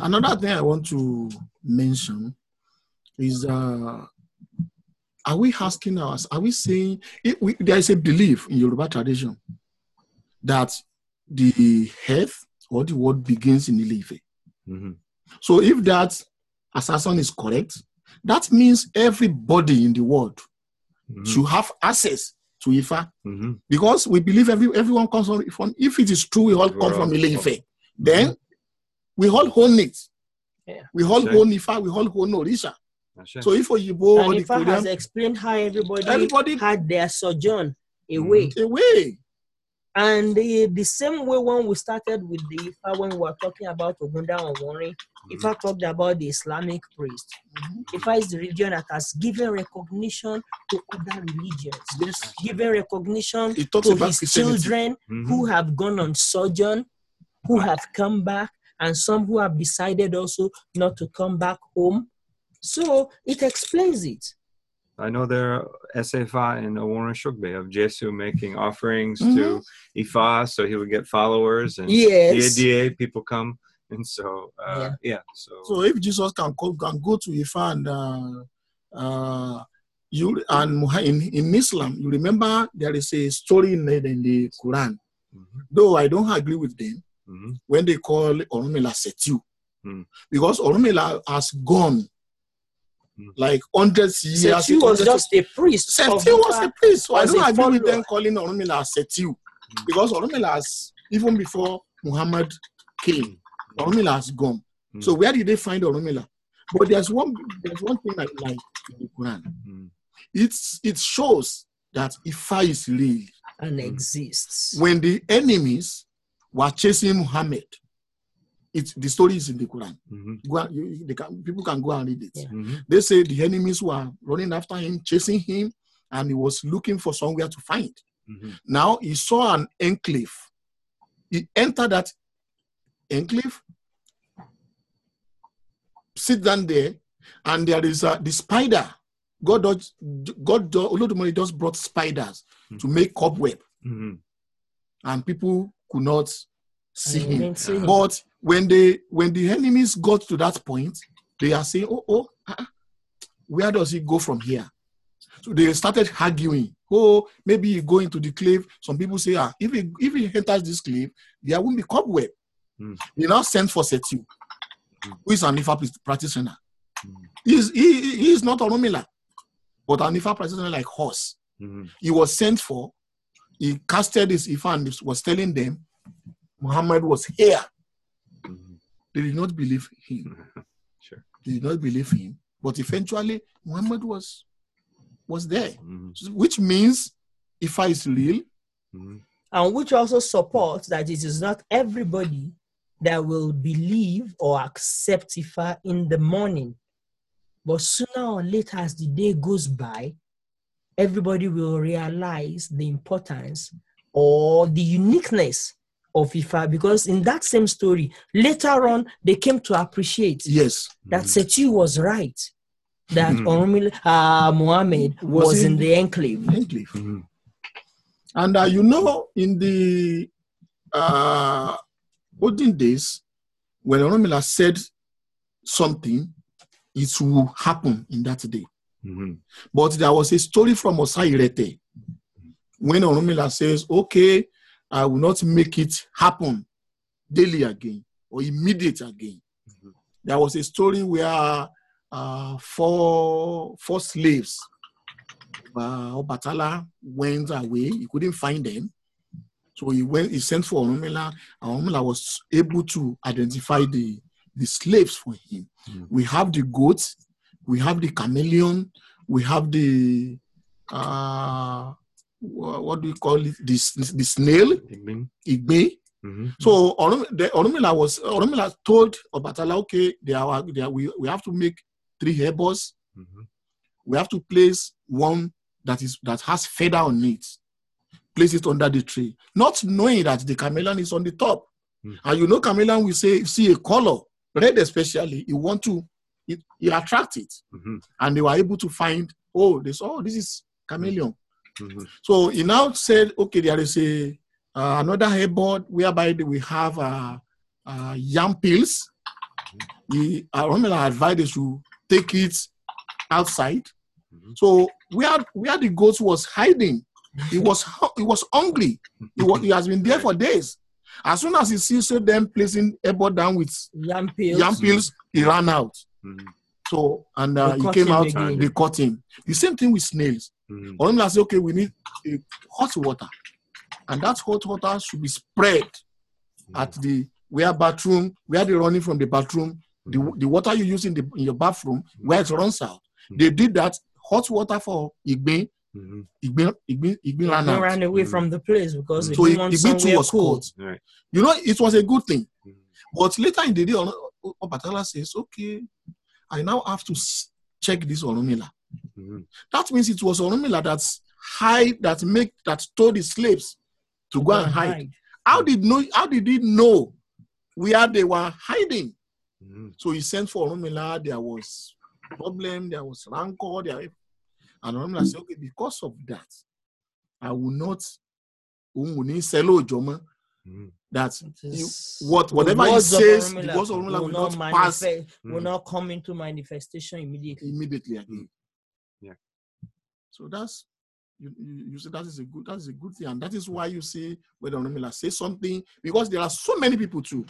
Another thing I want to mention is uh, are we asking us, are we saying, we, there is a belief in Yoruba tradition that the health or the word begins in Ilife. Mm-hmm. So if that assassin is correct, that means everybody in the world mm-hmm. should have access to Ifa mm-hmm. because we believe every, everyone comes from, Ifa. if it is true, we all come from Ile Then we all own it. Yeah. We all sure. own Ifa, we all own Orisha. Sure. So if Oyibo or Ifa has explained how everybody, everybody had their sojourn mm-hmm. away. Away. And the, the same way when we started with the Ifa, when we were talking about Ogunda and mm Ifa talked about the Islamic priest. Mm-hmm. Ifa is the religion that has given recognition to other religions, yes. given recognition to his children mm-hmm. who have gone on sojourn, who have come back, and some who have decided also not to come back home. So it explains it. I know there are Esefa and Awarna Shugbe of Jesu making offerings mm-hmm. to Ifa so he would get followers and yes. EADA people come. And so, uh, yeah. yeah. so so if Jesus can, go, can go to Ifa and uh, uh, you and in, in Islam, you remember there is a story in, in the Quran. Mm-hmm. Though I don't agree with them mm-hmm. when they call Orumela Setu, mm. because Orumela has gone Mm. like hundreds years. Setu was just a priest. Setu was a priest. So I don't agree follower. with them calling Orumila as mm. because Orumila, has, even before Muhammad came, mm. Orumila has gone. Mm. So where did they find Orumila? But there's one there's one thing I like in the Quran. Mm. It's it shows that Ifa is real and exists. When the enemies were chasing Muhammad, it's the story is in the Quran. Mm-hmm. And, you, can, people can go and read it. Mm-hmm. They say the enemies were running after him, chasing him, and he was looking for somewhere to find. Mm-hmm. Now he saw an enclave. He entered that enclave, sit down there, and there is a, the spider. God, does, God, Olodumare just brought spiders mm. to make cobweb, mm-hmm. and people could not Mm. But when they when the enemies got to that point, they are saying, "Oh, oh, ah, ah, where does he go from here?" So they started arguing. Oh, maybe he go into the cave. Some people say, "Ah, if he if he enters this cave, there won't be cobweb." Mm. now sent for Setu, mm. who is an Ifa practitioner. Mm. He's, he, he is not a Romila, but an Ifa practitioner like horse. mm mm-hmm. He was sent for. He casted his Ifa and was telling them, Muhammad was here. Mm-hmm. They did not believe him. sure. They did not believe him. But eventually, Muhammad was was there, mm-hmm. which means Ifa is real. Mm-hmm. And which also supports that it is not everybody that will believe or accept Ifa in the morning. But sooner or later, as the day goes by, everybody will realize the importance or the uniqueness of Ifa because in that same story, later on, they came to appreciate yes. that mm. was right, that mm. Ormil, uh, Muhammad was, was in, the enclave. enclave. Mm. And uh, you know, in the uh, olden days, when Oromila said something, it will happen in that day. Mm-hmm. But there was a story from Osairete when Oromila says, okay, I will not make it happen daily again or immediate again. Mm-hmm. There was a story where uh, four, four slaves, uh, Obatala went away. He couldn't find them. So he went, he sent for Oromela. Oromela was able to identify the, the slaves for him. Mm-hmm. We have the goats, we have the chameleon, we have the uh, what do you call it? This the snail, Igbe. Igbe. Mm-hmm. So Orumila was Orumila told Obatala, okay, they are, they are, we, we have to make three hairbars. Mm-hmm. We have to place one that is that has feather on it. Place it under the tree, not knowing that the chameleon is on the top. Mm-hmm. And you know, chameleon will say see a color, red especially. You want to, it, you attract it, mm-hmm. and they were able to find. Oh, this oh, this is chameleon. Mm-hmm. So he now said, okay, there is a uh, another herb whereby we have uh, uh, yam We, are only I advised us to take it outside. Mm-hmm. So where where the goat was hiding, it was it was hungry. It, was, it has been there for days. As soon as he sees them placing herb down with yam pills, yam pills, mm-hmm. he ran out. Mm-hmm. So and uh, he came out again. they caught him. The same thing with snails. Mm. Or I say, okay, we need hot water. And that hot water should be spread mm. at the where bathroom, where they running from the bathroom, the, mm. the water you use in, the, in your bathroom, mm. where it runs out. Mm. They did that hot water for Igbe. Mm-hmm. Igbe, ran, out. ran away mm from the place because so it, Igbe was cold. Right. You know, it was a good thing. mm But later in the day, Obatala says, okay, I now have to check this Oromila. That means it was Oromila that's hide that make that told the slaves to go, and hide. hide. How did know? How did he know where they were hiding? Mm-hmm. So he sent for Oromila. There was problem. There was rancor. There, and Oromila. said, "Okay, because of that, I will not." Mm-hmm. That what whatever he says, of Orunmila, will, will not, pass, will mm-hmm. not come into manifestation immediately. Immediately again. So that's you, you, see that is a good that is a good thing, and that is why you see whether Onomila say something because there are so many people too.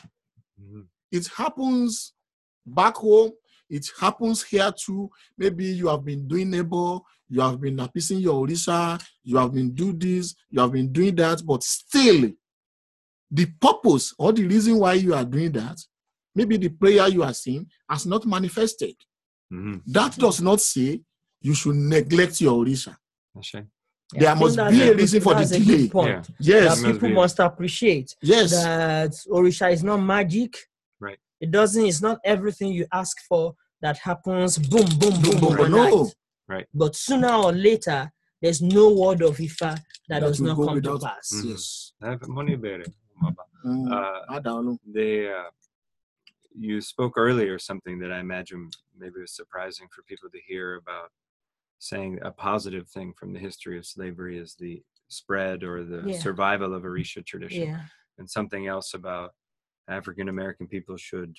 Mm-hmm. It happens back home. It happens here too. Maybe you have been doing neighbor, you have been appeasing your Orisa, you have been doing this, you have been doing that, but still, the purpose or the reason why you are doing that, maybe the prayer you are seeing has not manifested. Mm-hmm. That does not say you should neglect your orisha. There yeah, must be a reason for the delay. Yeah. Yes, that people be. must appreciate. Yes, that orisha is not magic. Right. It doesn't. It's not everything you ask for that happens. Boom, boom, boom, boom. boom no. Right. But sooner or later, there's no word of Ifa that, that does not come without, to pass. Mm-hmm. Yes. Money bearer. Mm, mm-hmm. uh, they, uh, you spoke earlier something that I imagine maybe was surprising for people to hear about saying a positive thing from the history of slavery is the spread or the yeah. survival of Orisha tradition, yeah. and something else about African American people should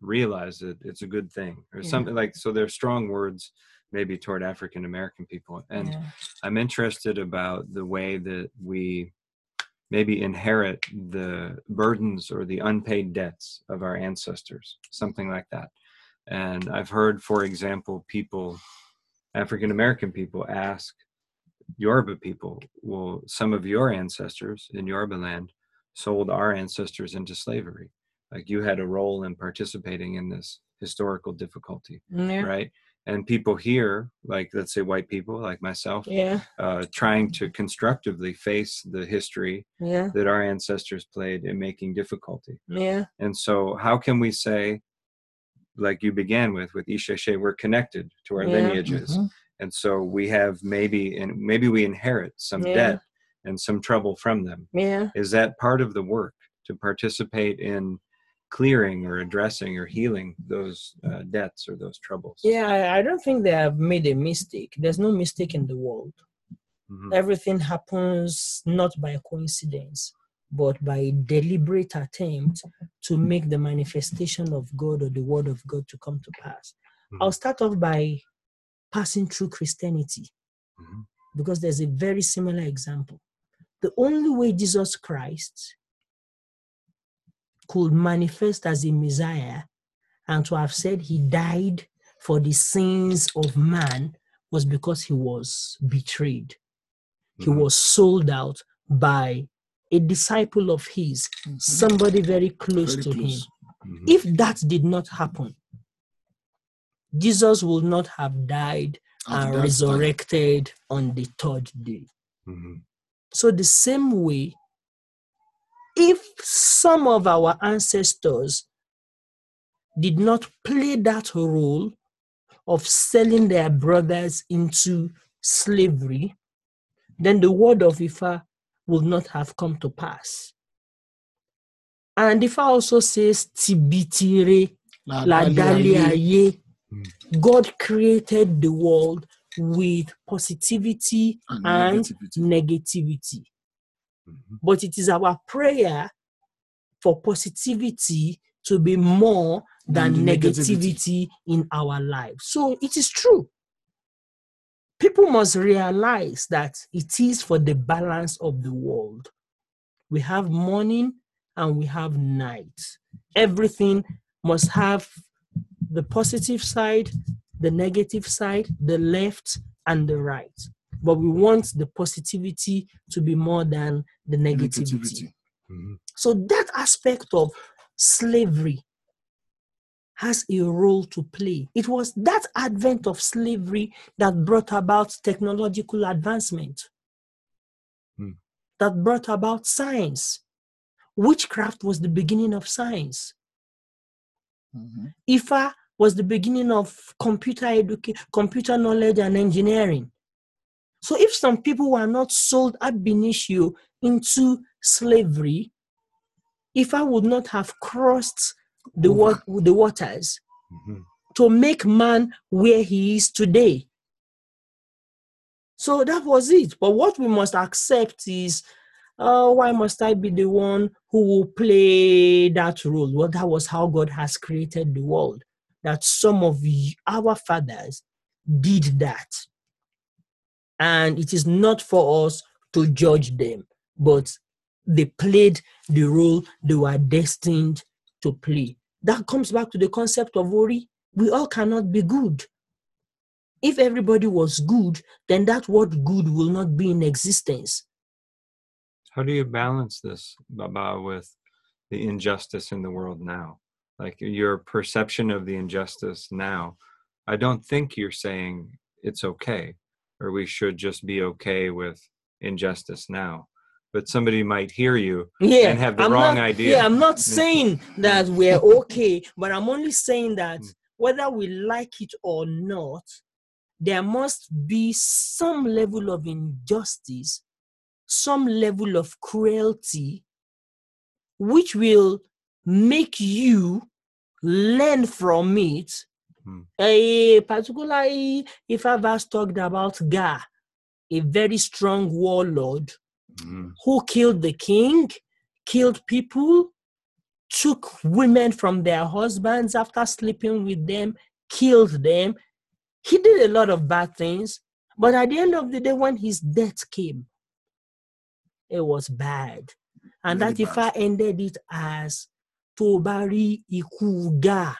realize that it's a good thing or yeah. something like so. there are strong words maybe toward African American people, and I'm interested about the way that we maybe inherit the burdens or the unpaid debts of our ancestors, something like that. And I've heard, for example, people African American people ask Yoruba people, well, some of your ancestors in Yoruba land sold our ancestors into slavery. Like you had a role in participating in this historical difficulty, yeah. right? And people here, like let's say white people, like myself, yeah. uh, trying to constructively face the history yeah. that our ancestors played in making difficulty. Yeah. And so, how can we say like you began with with Isheshe, we're connected to our yeah. lineages. Mm-hmm. And so we have maybe and maybe we inherit some yeah. debt and some trouble from them. Yeah. Is that part of the work to participate in clearing or addressing or healing those uh, debts or those troubles? Yeah, I, I don't think they have made a mistake. There's no mistake in the world. Mm-hmm. Everything happens not by coincidence but by deliberate attempt to mm. make the manifestation of God or the word of God to come to pass. Mm-hmm. I'll start off by passing through Christianity mm-hmm. because there's a very similar example. The only way Jesus Christ could manifest as a Messiah and to have said he died for the sins of man was because he was betrayed. Mm-hmm. He was sold out by a disciple of his, mm-hmm. somebody very close very to close. him. Mm-hmm. If that did not happen, Jesus would not have died At and resurrected time. on the third day. Mm-hmm. So, the same way, if some of our ancestors did not play that role of selling their brothers into slavery, then the word of Ifa would not have come to pass. And if I also says tibitire ladaliaye, hmm. God created the world with positivity and, and negativity. negativity. Mm-hmm. But it is our prayer for positivity to be more than negativity. negativity in our lives. So it is true people must realize that it is for the balance of the world. We have morning and we have night. Everything must have the positive side, the negative side, the left and the right. But we want the positivity to be more than the negativity. negativity. Mm-hmm. So that aspect of slavery has a role to play. It was that advent of slavery that brought about technological advancement, hmm. that brought about science. Witchcraft was the beginning of science. Mm-hmm. Ifa was the beginning of computer education, computer knowledge and engineering. So if some people were not sold ab initio into slavery, Ifa would not have crossed the, wa- the waters mm-hmm. to make man where he is today. So that was it. But what we must accept is uh, why must I be the one who will play that role? Well, that was how God has created the world. That some of our fathers did that. And it is not for us to judge them, but they played the role they were destined to play. That comes back to the concept of worry. We all cannot be good. If everybody was good, then that word good will not be in existence. How do you balance this, Baba, with the injustice in the world now? Like your perception of the injustice now. I don't think you're saying it's okay or we should just be okay with injustice now but somebody might hear you yeah, and have the I'm wrong not, idea. Yeah, I'm not saying that we're okay, but I'm only saying that hmm. whether we like it or not, there must be some level of injustice, some level of cruelty, which will make you learn from it. Hmm. Uh, particularly if I've talked about Ga, a very strong warlord mm. who killed the king, killed people, took women from their husbands after sleeping with them, killed them. He did a lot of bad things, but at the end of the day, when his death came, it was bad. And really that if I ended it as Tobari Ikuga.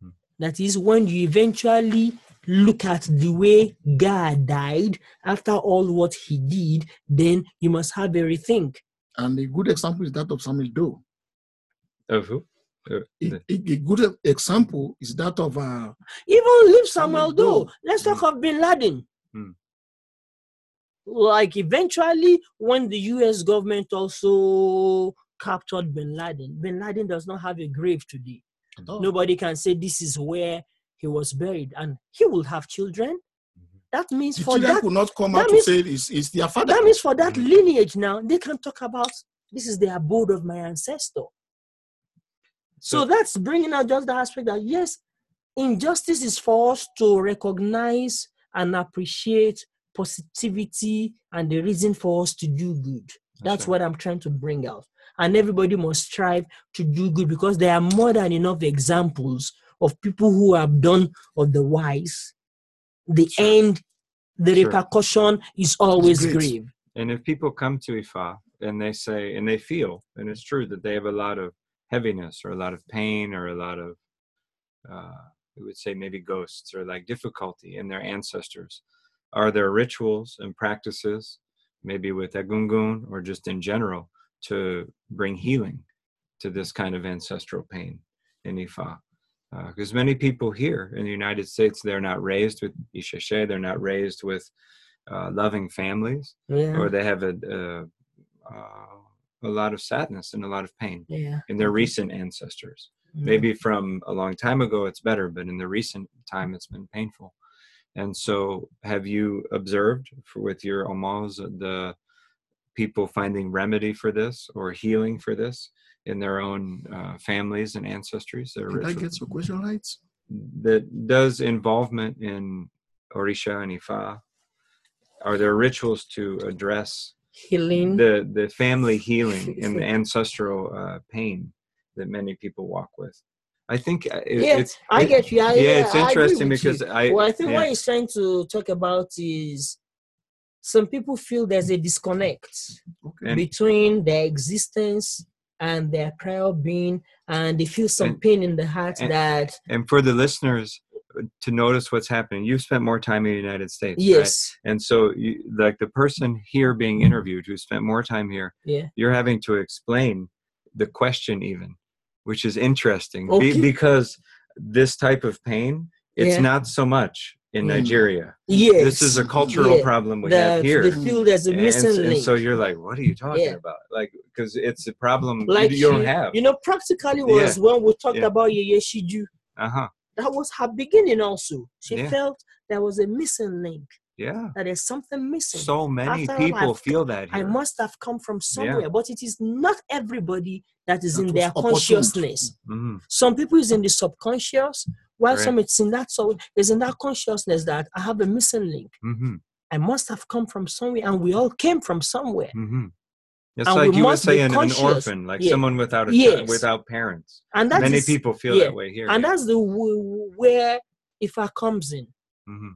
Hmm. That is when you eventually look at the way God died after all what he did, then you must have everything. And a good example is that of Samuel Doe. Of who? Uh, a good example is that of uh, even leave Samuel Doe. Let's talk mm. of Bin Laden. Mm. Like eventually, when the U.S. government also captured Bin Laden, Bin Laden does not have a grave today. Nobody can say this is where he was buried and he will have children mm-hmm. that means the for that could not come out means, to say it's, it's their father that means for that mm-hmm. lineage now they can talk about this is the abode of my ancestor so, so that's bringing out just the aspect that yes injustice is for us to recognize and appreciate positivity and the reason for us to do good that's right. what i'm trying to bring out and everybody must strive to do good because there are more than enough examples of people who have done otherwise, the the sure. end, the sure. repercussion is always grave. And if people come to Ifa and they say, and they feel, and it's true that they have a lot of heaviness or a lot of pain or a lot of, uh, we would say maybe ghosts or like difficulty in their ancestors, are there rituals and practices, maybe with Agungun or just in general, to bring healing to this kind of ancestral pain in Ifa? because uh, many people here in the United States, they're not raised with ishashe, they're not raised with uh, loving families, yeah. or they have a, a, uh, a lot of sadness and a lot of pain yeah. in their recent ancestors. Yeah. Mm-hmm. Maybe from a long time ago, it's better, but in the recent time, it's been painful. And so, have you observed for, with your omals the people finding remedy for this or healing for this? in their own uh, families and ancestries. Their Did ritual, I get some Gujaratites? That does involvement in Orisha and Ifa. Are there rituals to address healing the the family healing and the ancestral uh, pain that many people walk with? I think uh, it, yeah, it's. I it, get you. I, yeah, yeah, it's interesting because you. I. Well, I think yeah. what he's trying to talk about is some people feel there's a disconnect okay. between their existence and their prayer being and they feel some and, pain in the heart and, that and for the listeners uh, to notice what's happening you've spent more time in the united states yes right? and so you, like the person here being interviewed who spent more time here yeah you're having to explain the question even which is interesting okay. be, because this type of pain it's yeah. not so much in mm. Nigeria. Yes. This is a cultural yeah. problem we the, have here. The field as a missing and, and, so you're like, what are you talking yeah. about? Like, because it's a problem like you, you don't have. You know, practically was yeah. when we talked about Yeye Uh-huh. That was her beginning also. She felt there was a missing link. Yeah. That there's something missing. So many After people feel that. Here. I must have come from somewhere, but it is not everybody that is that in their consciousness. Mm-hmm. Some people is in the subconscious while right. some it's in that soul, it's in that consciousness that I have a missing link. Mm-hmm. I must have come from somewhere, and we all came from somewhere. Mm-hmm. It's and like you were saying, an orphan, like yeah. someone without a yes. child, without parents. And that many is, people feel yeah. that way here. And that's the where Ifa comes in, mm-hmm.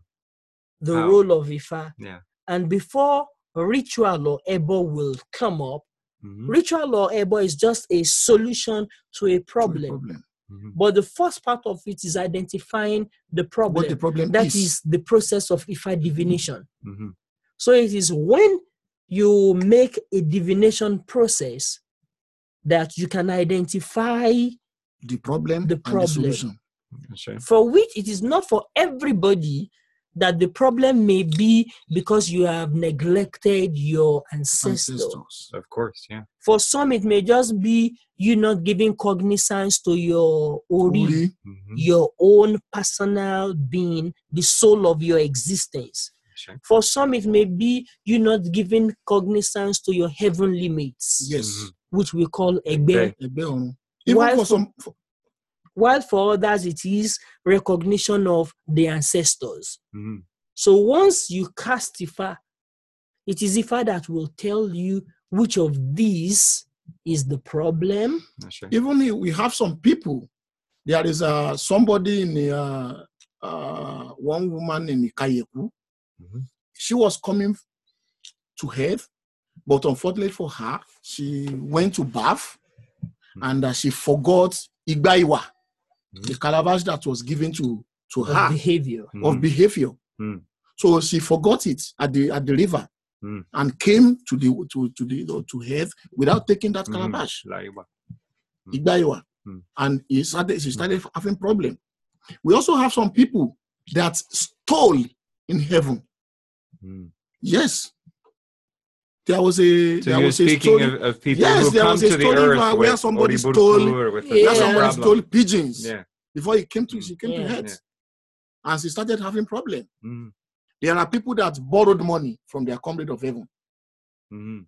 the How? role of Ifa. Yeah. And before ritual or Ebo will come up, mm-hmm. ritual or Ebo is just a solution to a problem. To a problem. Mm-hmm. But the first part of it is identifying the problem. What the problem That is, is the process of Ifa divination. Mm-hmm. mm-hmm. So it is when you make a divination process that you can identify the problem, the problem. The solution. For which it is not for everybody that the problem may be because you have neglected your ancestors. ancestors. Of course, yeah. For some, it may just be you not giving cognizance to your ori, ori. Mm-hmm. your own personal being, the soul of your existence. Sure. For some, it may be you not giving cognizance to your heavenly mates. Yes. Mm-hmm. Which we call A Ebe. Even for some, for, while for others it is recognition of the ancestors. Mm-hmm. So once you cast Ifa, it is Ifa that will tell you which of these is the problem. Even if we have some people, there is uh, somebody in the, uh, uh, one woman in the Mm-hmm. She was coming to health, but unfortunately for her, she went to bath hmm. and uh, she forgot Igbaiwa mm. the calabash that was given to to of her behavior mm. of hmm. behavior. Hmm. So she forgot it at the at the river hmm. and came to the to to the to earth without taking that calabash. Igdaiwa. And he started, she started having problem. We also have some people that stole in heaven. Yes, there was a so there was a story. Of, of people yes, there was a story where, where somebody stole where yeah. somebody stole pigeons yeah. before he came to mm. she came yeah. to Head, and she started having problem. Mm. There are people that borrowed money from their comrade of heaven, mm.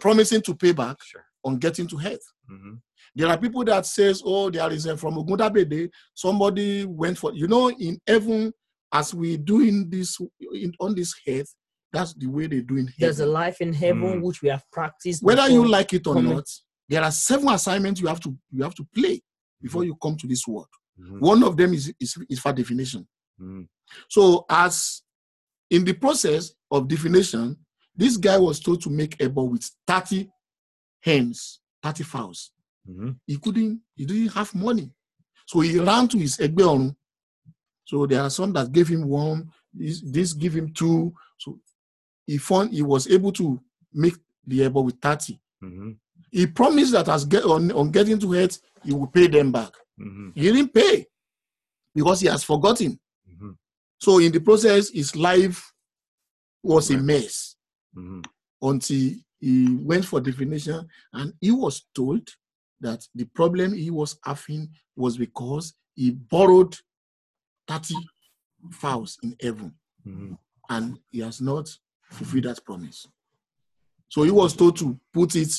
promising to pay back sure. on getting to Head. Mm-hmm. There are people that says, "Oh, there is a, from Ogundabede, somebody went for you know in heaven." As we do in this in, on this head." That's the way they do in heaven. There's a life in heaven mm. which we have practiced. Whether you like it or coming. not, there are seven assignments you have to you have to play before hmm. you come to this world. Mm-hmm. One of them is is, is for definition. mm So as in the process of definition, this guy was told to make a ball with 30 hens, 30 fowls. Mm-hmm. He couldn't, he didn't have money. So he ran to his Egbeonu. So there are some that gave him one, this, this give him two. So he found he was able to make the able with 30. Mm-hmm. He promised that as get on, on getting to it, he will pay them back. Mm-hmm. He didn't pay because he has forgotten. Mm-hmm. So in the process, his life was a mess mm-hmm. until he went for definition and he was told that the problem he was having was because he borrowed 30 fouls in heaven mm-hmm. and he has not fulfill that promise. So he was told to put it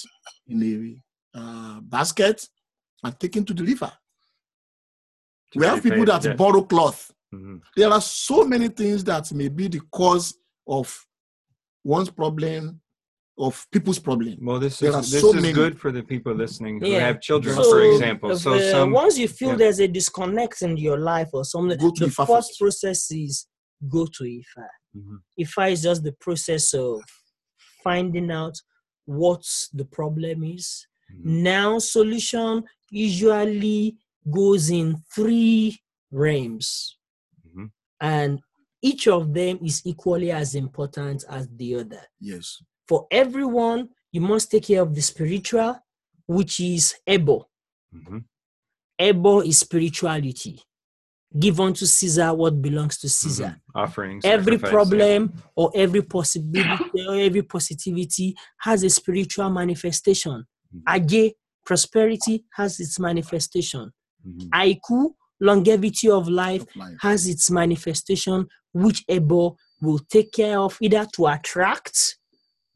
in a uh, basket and take it to the river. To we have people that death. borrow cloth. Mm-hmm. There are so many things that may be the cause of one's problem, of people's problem. Well, this there is, this so is many. good for the people listening who yeah. have children, so, for example. So the, uh, some, once you feel yeah. there's a disconnect in your life or something, the first process is go to ifa mm-hmm. ifa is just the process of finding out what the problem is mm-hmm. now solution usually goes in three realms mm-hmm. and each of them is equally as important as the other yes for everyone you must take care of the spiritual which is ebo mm-hmm. ebo is spirituality give unto Caesar what belongs to mm-hmm. Caesar. Mm-hmm. Offerings. Every problem yeah. or every possibility or every positivity has a spiritual manifestation. Mm-hmm. Again, prosperity has its manifestation. Mm-hmm. Aiku, longevity of life, of life, has its manifestation, which Ebo will take care of either to attract.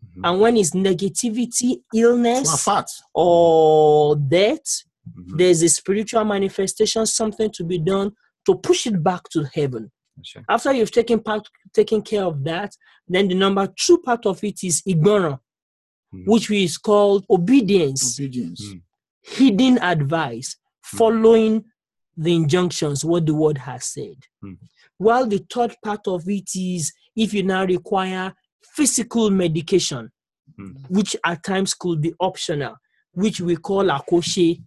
Mm-hmm. And when it's negativity, illness, or death, mm-hmm. there's a spiritual manifestation, something to be done to push it back to heaven. Sure. After you've taken part, taken care of that, then the number two part of it is ignorance, mm. which is called obedience. Obedience. Mm. Hidden advice, hmm. following mm. the injunctions, what the word has said. Hmm. While the third part of it is if you now require physical medication, hmm. which at times could be optional, which we call akoshe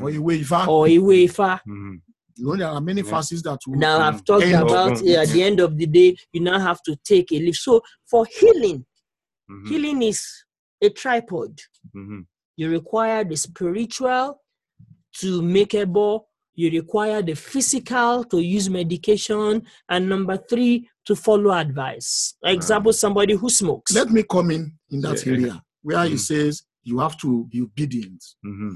or iwe Or iwe ifa you know, there are many fasts that will. Now, I've talked about yeah, at the end of the day, you now have to take a leave So, for healing, mm-hmm. healing is a tripod. Mm-hmm. You require the spiritual to make a ball, you require the physical to use medication, and number three, to follow advice. example, somebody who smokes. Let me come in in that yeah. area where mm-hmm. he mm. says you have to be obedient. Mm-hmm.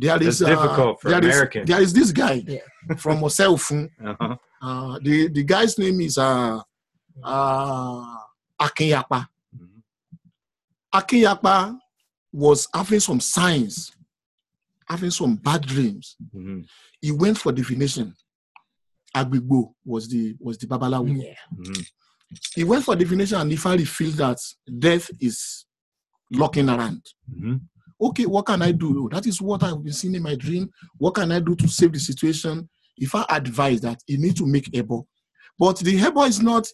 There is uh, difficult for there Is, there is this guy yeah. from Oselfun. Uh-huh. Uh, the the guy's name is uh, uh, Akinyapa. Mm-hmm. Akinyapa was having some signs, having some bad dreams. Mm-hmm. He went for divination. Agbigbo was the was the babalawo. Yeah. Mm-hmm. He went for divination and finally feels that death is looking around. Mm-hmm okay, what can I do? That is what I've been seeing in my dream. What can I do to save the situation? If I advise that, you need to make able. But the able is not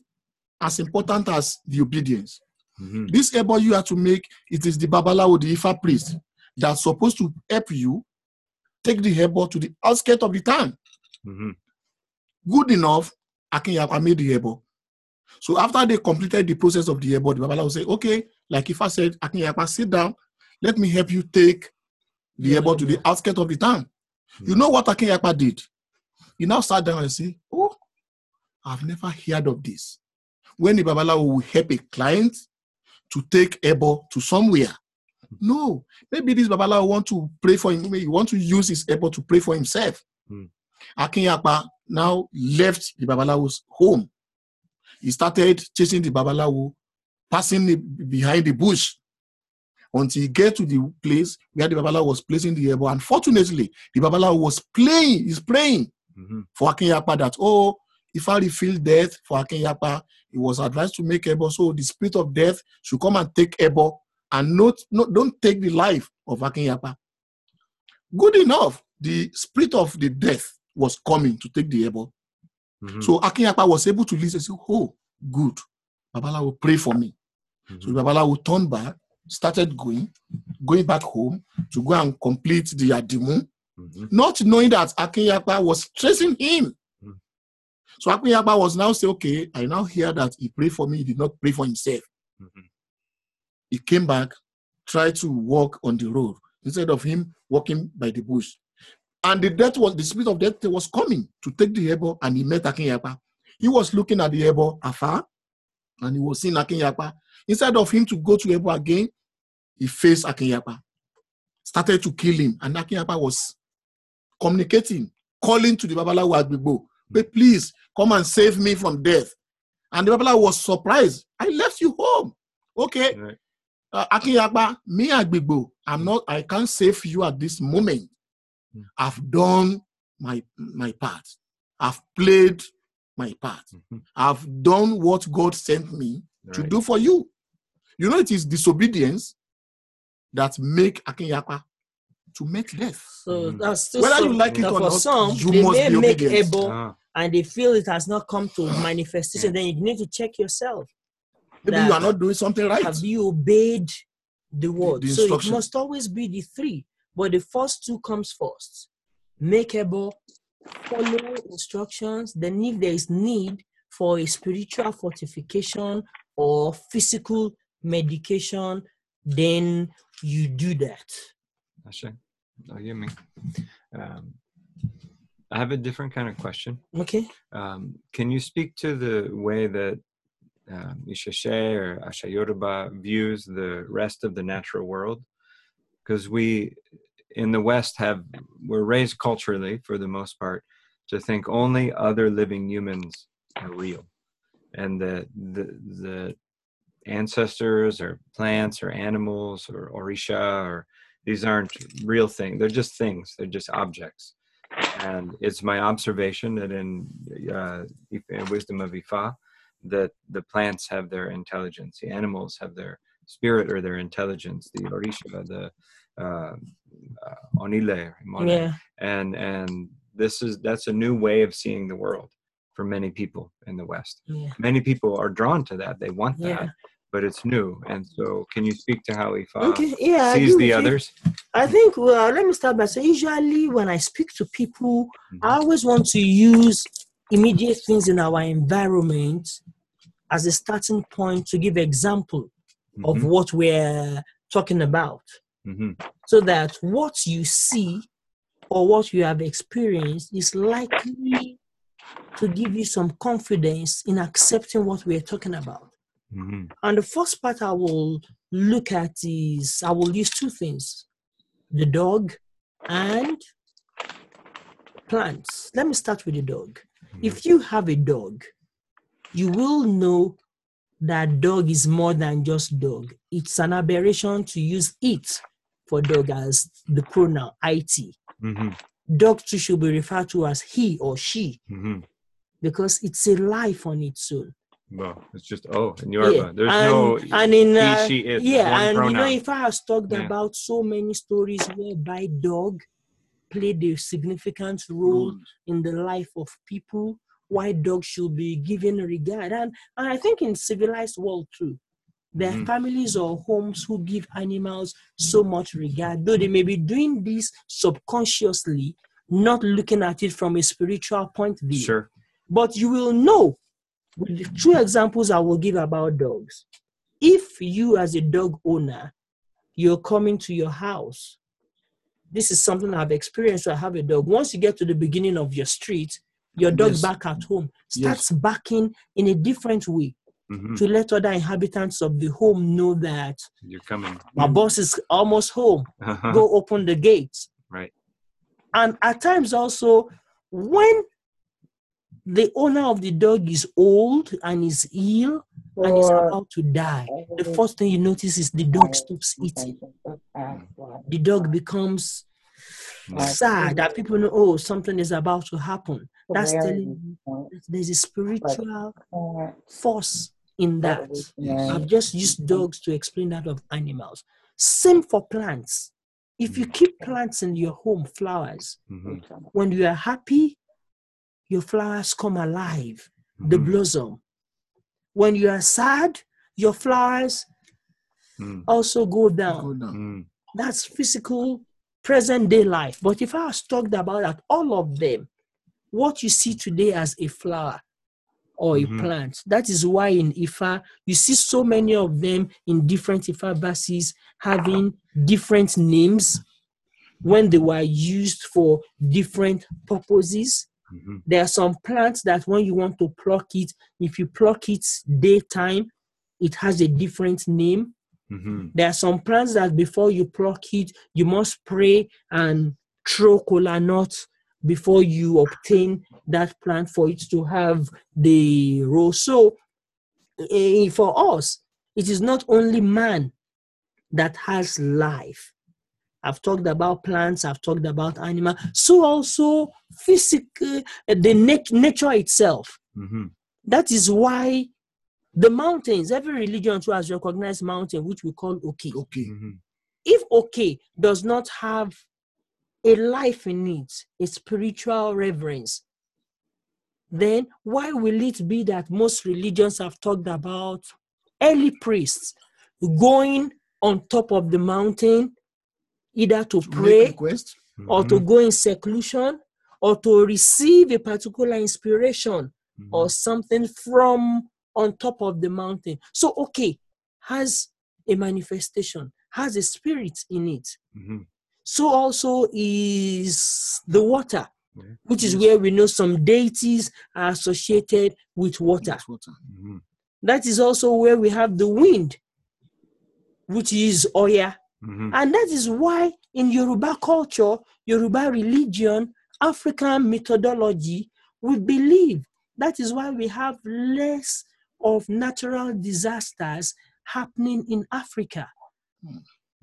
as important as the obedience. Mm-hmm. This Ebo you have to make, it is the babalawo, the ifa priest, that's supposed to help you take the able to the outskirts of the town. Mm-hmm. Good enough, I can have I made the able. So after they completed the process of the Ebo, the babalawo say, okay, like if I said, I can have sit down let me help you take the yeah, able to the outskirts of the town. Yeah. You know what Akin Yapa did? He now sat down and said, Oh, I've never heard of this. When the will help a client to take Ebo to somewhere. Hmm. No, maybe this Babalawo want to pray for him. He want to use his Ebo to pray for himself. Mm. Akin Yapa now left the Babalawo's home. He started chasing the Babalawo, passing the, behind the bush until he get to the place where the Babala was placing the elbow. Unfortunately, the Babala was playing, is praying mm-hmm. for Akinyapa that, oh, if I feel death for Akinyapa, he was advised to make Ebo. So the spirit of death should come and take Ebo and not, not, don't take the life of Akinyapa. Good enough, the spirit of the death was coming to take the Ebo. Mm-hmm. So Akinyapa was able to listen and say, oh, good. Babala will pray for me. Mm-hmm. So Babala will turn back started going, going back home to go and complete the Adimu, mm-hmm. not knowing that Akinyapa was tracing him. Mm-hmm. So Akinyapa was now saying, okay, I now hear that he prayed for me, he did not pray for himself. Mm-hmm. He came back, tried to walk on the road instead of him walking by the bush. And the death was the spirit of death was coming to take the hebo, and he met Akinyapa. He was looking at the hebo afar, and he was seeing Akinyapa. Instead of him to go to Ebo again, he faced Akinyapa, started to kill him, and Akinyapa was communicating, calling to the Babalawo Agbibo, but please come and save me from death. And the Babalawo was surprised. I left you home. Okay. Right. Uh, Akinyapa, me Agbibo, I'm not, I can't save you at this moment. Hmm. I've done my my part. I've played my part. Mm-hmm. I've done what God sent me right. to do for you. You know, it is disobedience that make Akinyakwa to make death. So mm-hmm. that's still whether you like it or not. Some, you they must may be make able ah. and they feel it has not come to ah. manifestation. then you need to check yourself. Maybe you are not doing something right. Have you obeyed the word? The so it must always be the three, but the first two comes first. Makeable follow instructions, then if there is need for a spiritual fortification or physical medication, then you do that. Ashe, I hear me. Um, I have a different kind of question. Okay. Um, can you speak to the way that um, Ishashe or Asha Yoruba views the rest of the natural world? Because we in the West have we're raised culturally for the most part to think only other living humans are real, and the the the ancestors or plants or animals or orisha or these aren't real things. They're just things. They're just objects. And it's my observation that in uh, Wisdom of Ifa, that the plants have their intelligence, the animals have their spirit or their intelligence, the orisha, the uh, uh, onile, yeah. and and this is that's a new way of seeing the world for many people in the West. Yeah. Many people are drawn to that; they want that. Yeah. But it's new, and so can you speak to how Ifa okay, yeah, sees the others? I think. Well, let me start by saying, usually when I speak to people, mm-hmm. I always want to use immediate things in our environment as a starting point to give example mm-hmm. of what we're talking about mm-hmm. so that what you see or what you have experienced is likely to give you some confidence in accepting what we are talking about. Mm-hmm. And the first part I will look at is I will use two things the dog and plants. Let me start with the dog. Mm-hmm. If you have a dog, you will know that dog is more than just dog. It's an aberration to use it for dog as the pronoun it. Mm-hmm. Dog too should be referred to as he or she mm-hmm. because it's a life on its own. Well, it's just oh in Yoruba. Yeah. There's and, no and in uh, he, she, it. Yeah, and pronoun. you know, if I has talked yeah. about so many stories whereby dog played a significant role mm. in the life of people, why dog should be given regard, and, and I think in civilized world too. There are mm-hmm. families or homes who give animals so much regard, though they may be doing this subconsciously, not looking at it from a spiritual point of view. Sure. But you will know with two examples I will give about dogs. If you, as a dog owner, you're coming to your house, this is something I've experienced. I have a dog. Once you get to the beginning of your street, your dog yes. back at home starts yes. barking in a different way Mm-hmm. to let other inhabitants of the home know that you're coming. My mm. boss is almost home. Uh-huh. Go open the gates. Right. And at times also, when the owner of the dog is old and is ill and is about to die, the mm-hmm. first thing you notice is the dog stops mm-hmm. eating. The dog becomes sad that people know, oh, something is about to happen. That's telling you there's a spiritual force in that. Yeah. I've just used dogs to explain that of animals. Same for plants. If you keep mm. plants in your home, flowers, mm-hmm. when you are happy, your flowers come alive, mm-hmm. the blossom. When you are sad, your flowers mm. also go down. Go down. Mm. That's physical, present day life. But if I was talked about that, all of them, what you see today as a flower or mm-hmm. a plant. That is why in Ifa, you see so many of them in different Ifa bases having different names when they were used for different purposes. Mm-hmm. There are some plants that when you want to pluck it, if you pluck it daytime, it has a different name. Mm-hmm. There are some plants that before you pluck it, you must pray and throw kola nuts before you obtain that plant for it to have the role. So, uh, for us, it is not only man that has life. I've talked about plants, I've talked about animals. So also physical, eh, the nature itself. Mm-hmm. That is why the mountains, every religion too has recognized mountain, which we call okay. Okay. Mm-hmm. If okay does not have a life in it, a spiritual reverence, then why will it be that most religions have talked about early priests going on top of the mountain either to, pray mm-hmm. or to mm-hmm. go in seclusion or to receive a particular inspiration mm-hmm. or something from on top of the mountain. So, okay, has a manifestation, has a spirit in it. Mm-hmm so also is the water, yeah. which is yes. where we know some deities are associated with water. water. Mm-hmm. That is also where we have the wind, which is Oya. Mm-hmm. And that is why in Yoruba culture, Yoruba religion, African methodology, we believe that is why we have less of natural disasters happening in Africa.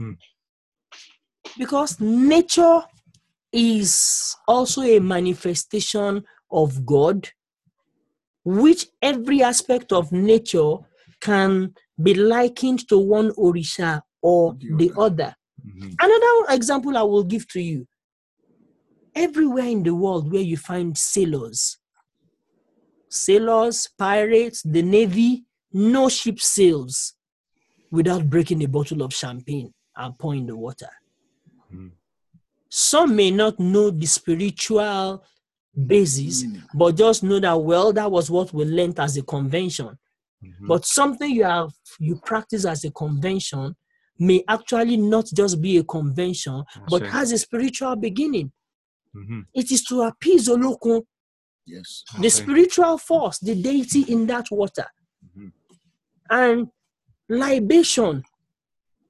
Mm because nature is also a manifestation of God, which every aspect of nature can be likened to one orisha or the other. Mm-hmm. Another example I will give to you everywhere in the world where you find sailors, sailors, pirates, the navy, no ship sails without breaking a bottle of champagne and pouring the water. Some may not know the spiritual basis, mm. but just know that, well, that was what we learned as a convention. Mm-hmm. But something you have you practice as a convention may actually not just be a convention, That's but it. has a spiritual beginning. Mm-hmm. It is to appease local, yes, the okay. spiritual force, the deity in that water, mm-hmm. and libation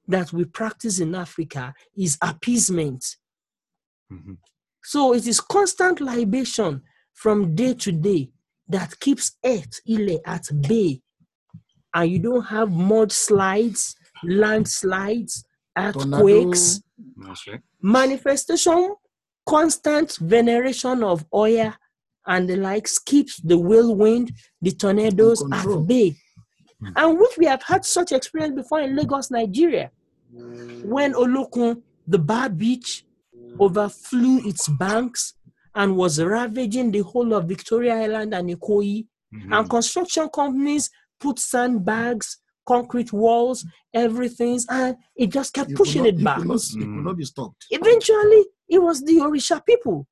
that we practice in Africa is appeasement. Mm-hmm. So it is constant libation from day to day that keeps earth ile at bay. And you don't have mudslides, landslides, earthquakes, manifestation, constant veneration of oil and the likes keeps the whirlwind, the tornadoes at bay. Hmm. And which we have had such experience before in Lagos, Nigeria, mm. when Olokun, the bad beach, overflew its banks and was ravaging the whole of Victoria Island and Ikoyi. Mm-hmm. And construction companies put sandbags, concrete walls, everything, and it just kept pushing not, it back. It will, not, it could not be stopped. Eventually, it was the Orisha people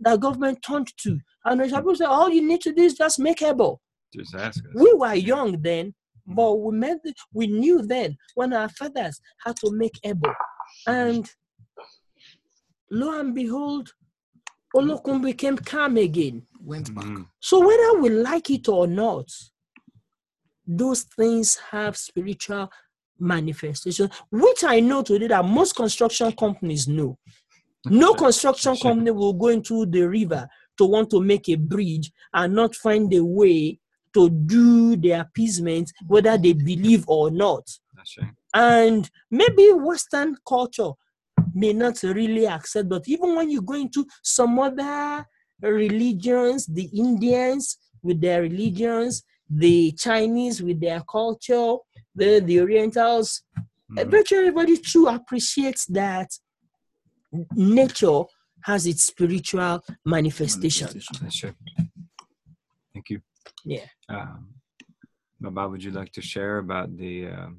that government turned to. And Orisha people said, all you need to do is just make ebo." Just ask us. We were young then, but we, met, we knew then when our fathers had to make ebo, And lo and behold, Olokun became calm again. Went back. Mm. So whether we like it or not, those things have spiritual manifestation, which I know today that most construction companies know. No construction company will go into the river to want to make a bridge and not find a way to do the appeasement, whether they believe or not. And maybe Western culture may not really accept. But even when you go into some other religions, the Indians with their religions, the Chinese with their culture, the, the Orientals, mm. virtually everybody too appreciates that nature has its spiritual manifestation. manifestation. Sure. Thank you. Yeah. Um, Baba, would you like to share about the um,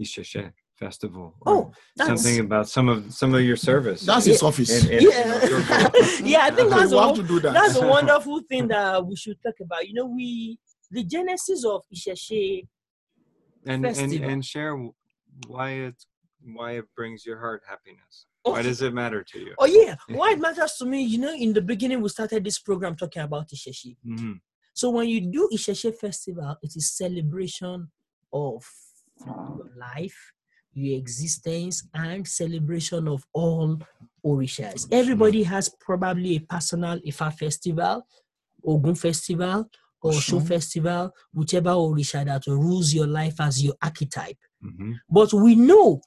Isheshe? festival oh something about some of some of your service that's his yeah. office yeah yeah i think that's, a, that. that's a wonderful thing that we should talk about you know we the genesis of isheshe and festival. and and share why it why it brings your heart happiness oh, why does it matter to you oh yeah why it matters to me you know in the beginning we started this program talking about isheshe mm-hmm. so when you do isheshe festival it is celebration of your life your existence and celebration of all Orishas. Everybody has probably a personal Ifa festival, Ogun festival, or Show festival, whichever Orisha that rules your life as your archetype. Mm-hmm. But we know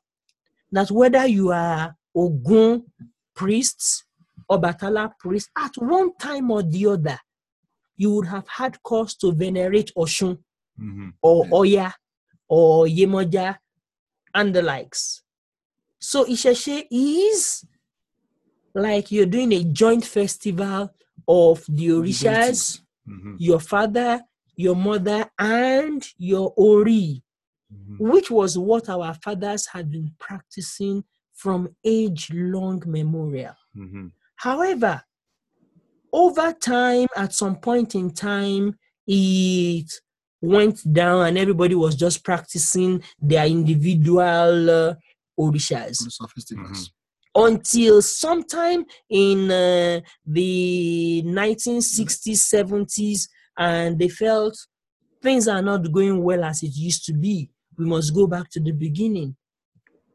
that whether you are Ogun priests or Batala priests, at one time or the other, you would have had cause to venerate Oshun mm-hmm. or Oya or Yemoja and the likes. So Ishashe is like you're doing a joint festival of the Orishas, mm-hmm. your father, your mother, and your Ori, mm-hmm. which was what our fathers had been practicing from age long memorial. Mm-hmm. However, over time, at some point in time, it went down and everybody was just practicing their individual uh, orishas. Mm-hmm. Until sometime in uh, the 1960s, 70s, and they felt things are not going well as it used to be. We must go back to the beginning.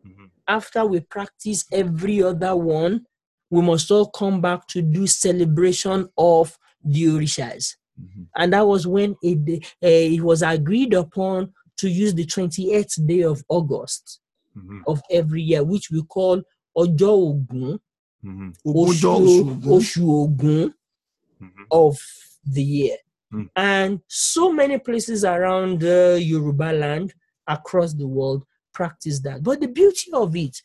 Mm-hmm. After we practice every other one, we must all come back to do celebration of the orishas. Mm-hmm. And that was when it, uh, eh, it was agreed upon to use the 28th day of August mm-hmm. of every year, which we call Ojo Ogun, mm-hmm. Oshu, mm-hmm. of the year. Mm. And so many places around uh, Yoruba land across the world practice that. But the beauty of it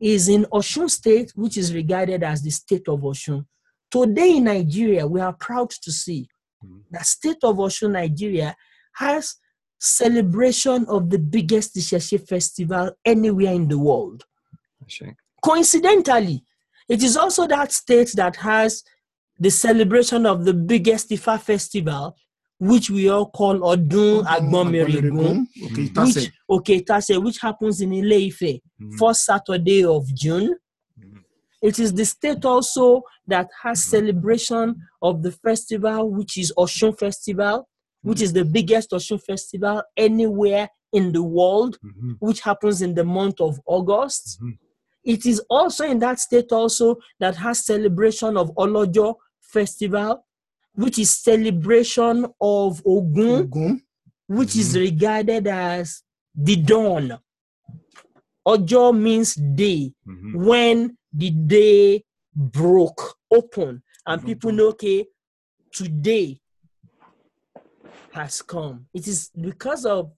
is in Oshun State, which is regarded as the state of Oshun. Today in Nigeria, we are proud to see Mm-hmm. the state of Osun, Nigeria has celebration of the biggest Isheshe festival anywhere in the world. Sure. Coincidentally, it is also that state that has the celebration of the biggest Ifa festival, which we all call Odun Agbomerigun, okay, which, okay, tase, which happens in Ilé mm-hmm. first Saturday of June. It is the state also that has mm-hmm. celebration of the festival, which is Oshun Festival, which is the biggest Oshun Festival anywhere in the world, mm-hmm. which happens in the month of August. Mm-hmm. It is also in that state also that has celebration of Olojo Festival, which is celebration of Ogun, Ogun. which mm-hmm. is regarded as the dawn. Ojo means day, mm-hmm. when the day broke open and people know, okay, today has come. It is because of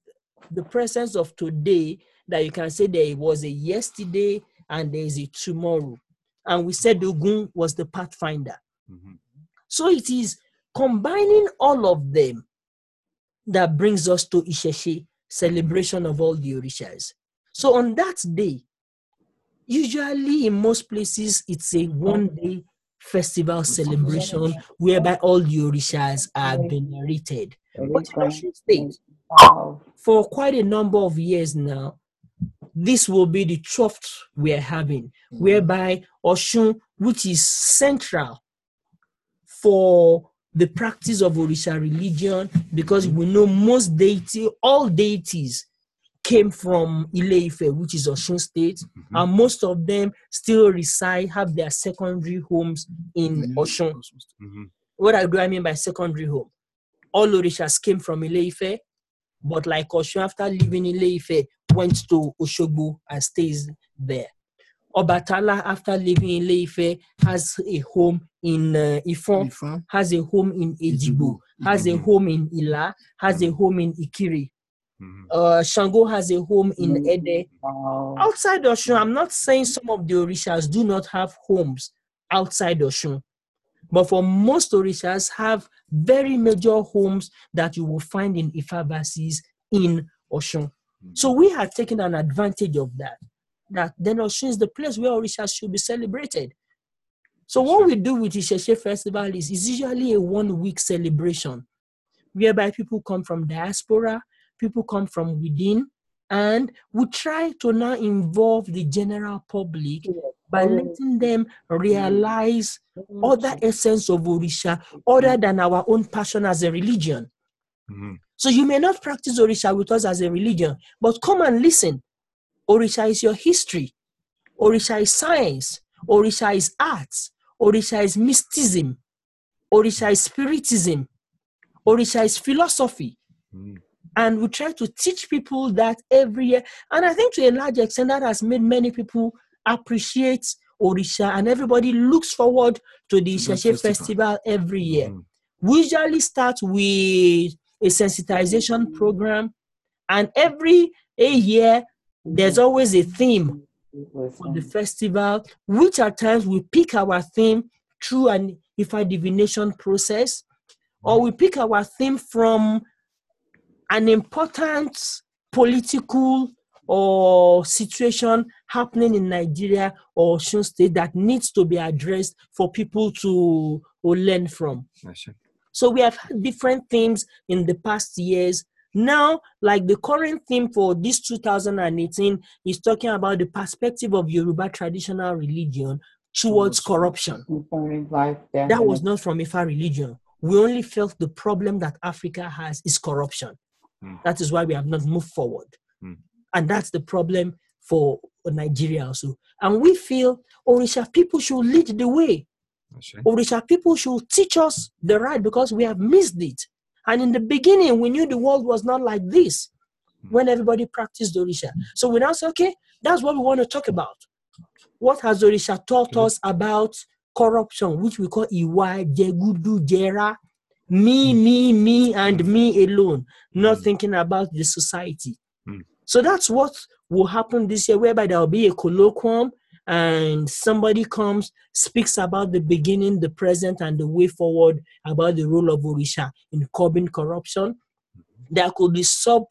the presence of today that you can say there was a yesterday and there is a tomorrow. And we said Ogun was the pathfinder. Mm-hmm. So it is combining all of them that brings us to Isheshe, celebration of all the Orishas. So on that day, usually in most places it's a one day festival celebration whereby all the orishas are venerated. But in Osun State, for quite a number of years now, this will be the trough we're having, hmm. whereby Osun, which is central for the practice of Orisha religion, because we know most deity, all deities came from Ileife, which is Osun State, mm-hmm. and most of them still reside, have their secondary homes in mm-hmm. Osun. Mm-hmm. What do I mean by secondary home? All Orishas came from Ileife, but like Osun, after leaving Ileife, went to Oshogbo and stays there. Obatala, after leaving Ileife, has a home in uh, Ifon, Ifon, has a home in Ejibo, has a mm-hmm. home in Ila, has a mm-hmm. home in Ikiri. Mm-hmm. Uh, Shango has a home in mm-hmm. Ede. Wow. Outside Oshun, I'm not saying some of the Orishas do not have homes outside Oshun, but for most Orishas have very major homes that you will find in Ifabases in Oshun. So mm-hmm. we have taken an advantage of that. That then Oshun is the place where Orishas should be celebrated. So what we do with Isheshe Festival is it's usually a one-week celebration whereby people come from diaspora, people come from within, and we try to now involve the general public by mm. letting them mm. realize mm. other essence of Orisha other than our own passion as a religion. Mm-hmm. So you may not practice Orisha with us as a religion, but come and listen. Orisha is your history. Orisha is science. Orisha is arts. Orisha is mysticism. Orisha is spiritism. Orisha is philosophy. Mm-hmm and we try to teach people that every year. And I think to a large extent, that has made many people appreciate Orisha, and everybody looks forward to the mm-hmm. Ishashe festival. every year. Mm. We usually start with a sensitization mm-hmm. program, and every a year there's always a theme for the festival, which at times we pick our theme through an IFA divination process, or we pick our theme from an important political or situation happening in Nigeria or Osun State that needs to be addressed for people to learn from. So we have had different themes in the past years. Now, like the current theme for this 2018 is talking about the perspective of Yoruba traditional religion towards corruption. That was not from Ifa religion. We only felt the problem that Africa has is corruption. Hmm. That is why we have not moved forward. Mm. And that's the problem for Nigeria also. And we feel Orisha people should lead the way. Right. Orisha people should teach us the right because we have missed it. And in the beginning, we knew the world was not like this hmm. when everybody practiced Orisha. So we now say, okay, that's what we want to talk about. What has Orisha taught okay. us about corruption, which we call Iwa, Jegudu, Jera, me, hmm. me, me, and me alone, not hmm. thinking about the society. Hmm. So that's what will happen this year, whereby there will be a colloquium and somebody comes, speaks about the beginning, the present, and the way forward, about the role of Orisha in curbing corruption. There could be sub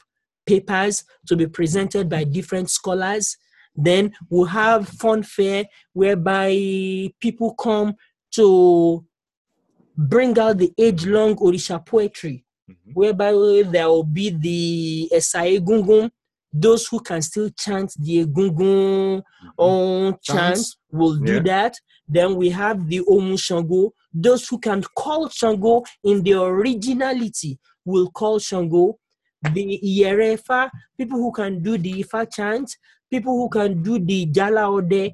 papers to be presented by different scholars. Then we'll have fun fair whereby people come to bring out the age-long Orisha poetry, mm-hmm. whereby there will be the Esai Gungun, those who can still chant the Egungun mm-hmm. on chant will do yeah. that. Then we have the Omu Shango, those who can call Shango in the originality will call Shango. The Yerefa, people who can do the Ifa chant, people who can do the jalaode. Ode.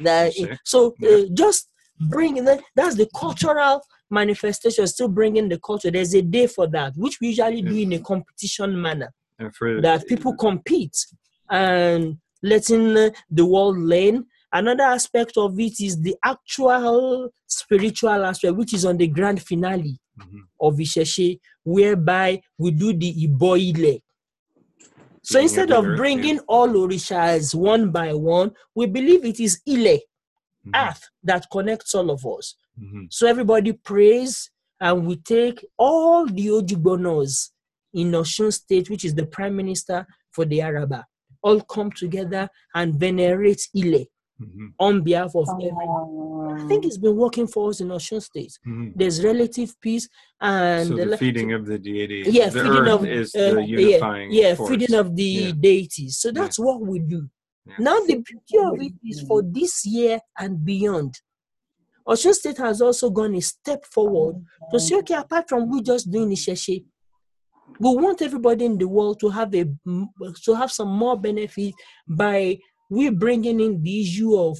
The, sure. so yeah. uh, just bringing that, that's the cultural manifestation, still bringing the culture. There's a day for that, which we usually do in a competition manner. that people compete and letting the world learn. Another aspect of it is the actual spiritual aspect, which is on the grand finale mm-hmm. of Isheshe, whereby we do the Iboile. So instead of bringing all orishas one by one, we believe it is Ile mm-hmm. earth that connects all of us. Mm-hmm. So everybody prays and we take all the Ojibonos in Ocean State, which is the prime minister for the Araba, all come together and venerate Ile mm-hmm. on behalf of everyone. Oh. I think it's been working for us in Ocean State. Mm-hmm. There's relative peace and so the, feeding of the deity. Yeah, the feeding of, is uh, the unifying. Yeah, yeah feeding of the yeah. deities. So that's yeah. what we do. Yeah. Now, the beauty of it is for this year and beyond. Osun State has also gone a step forward to say, okay, apart from we just doing Isheshe, we want everybody in the world to have a to have some more benefit by we bringing in the issue of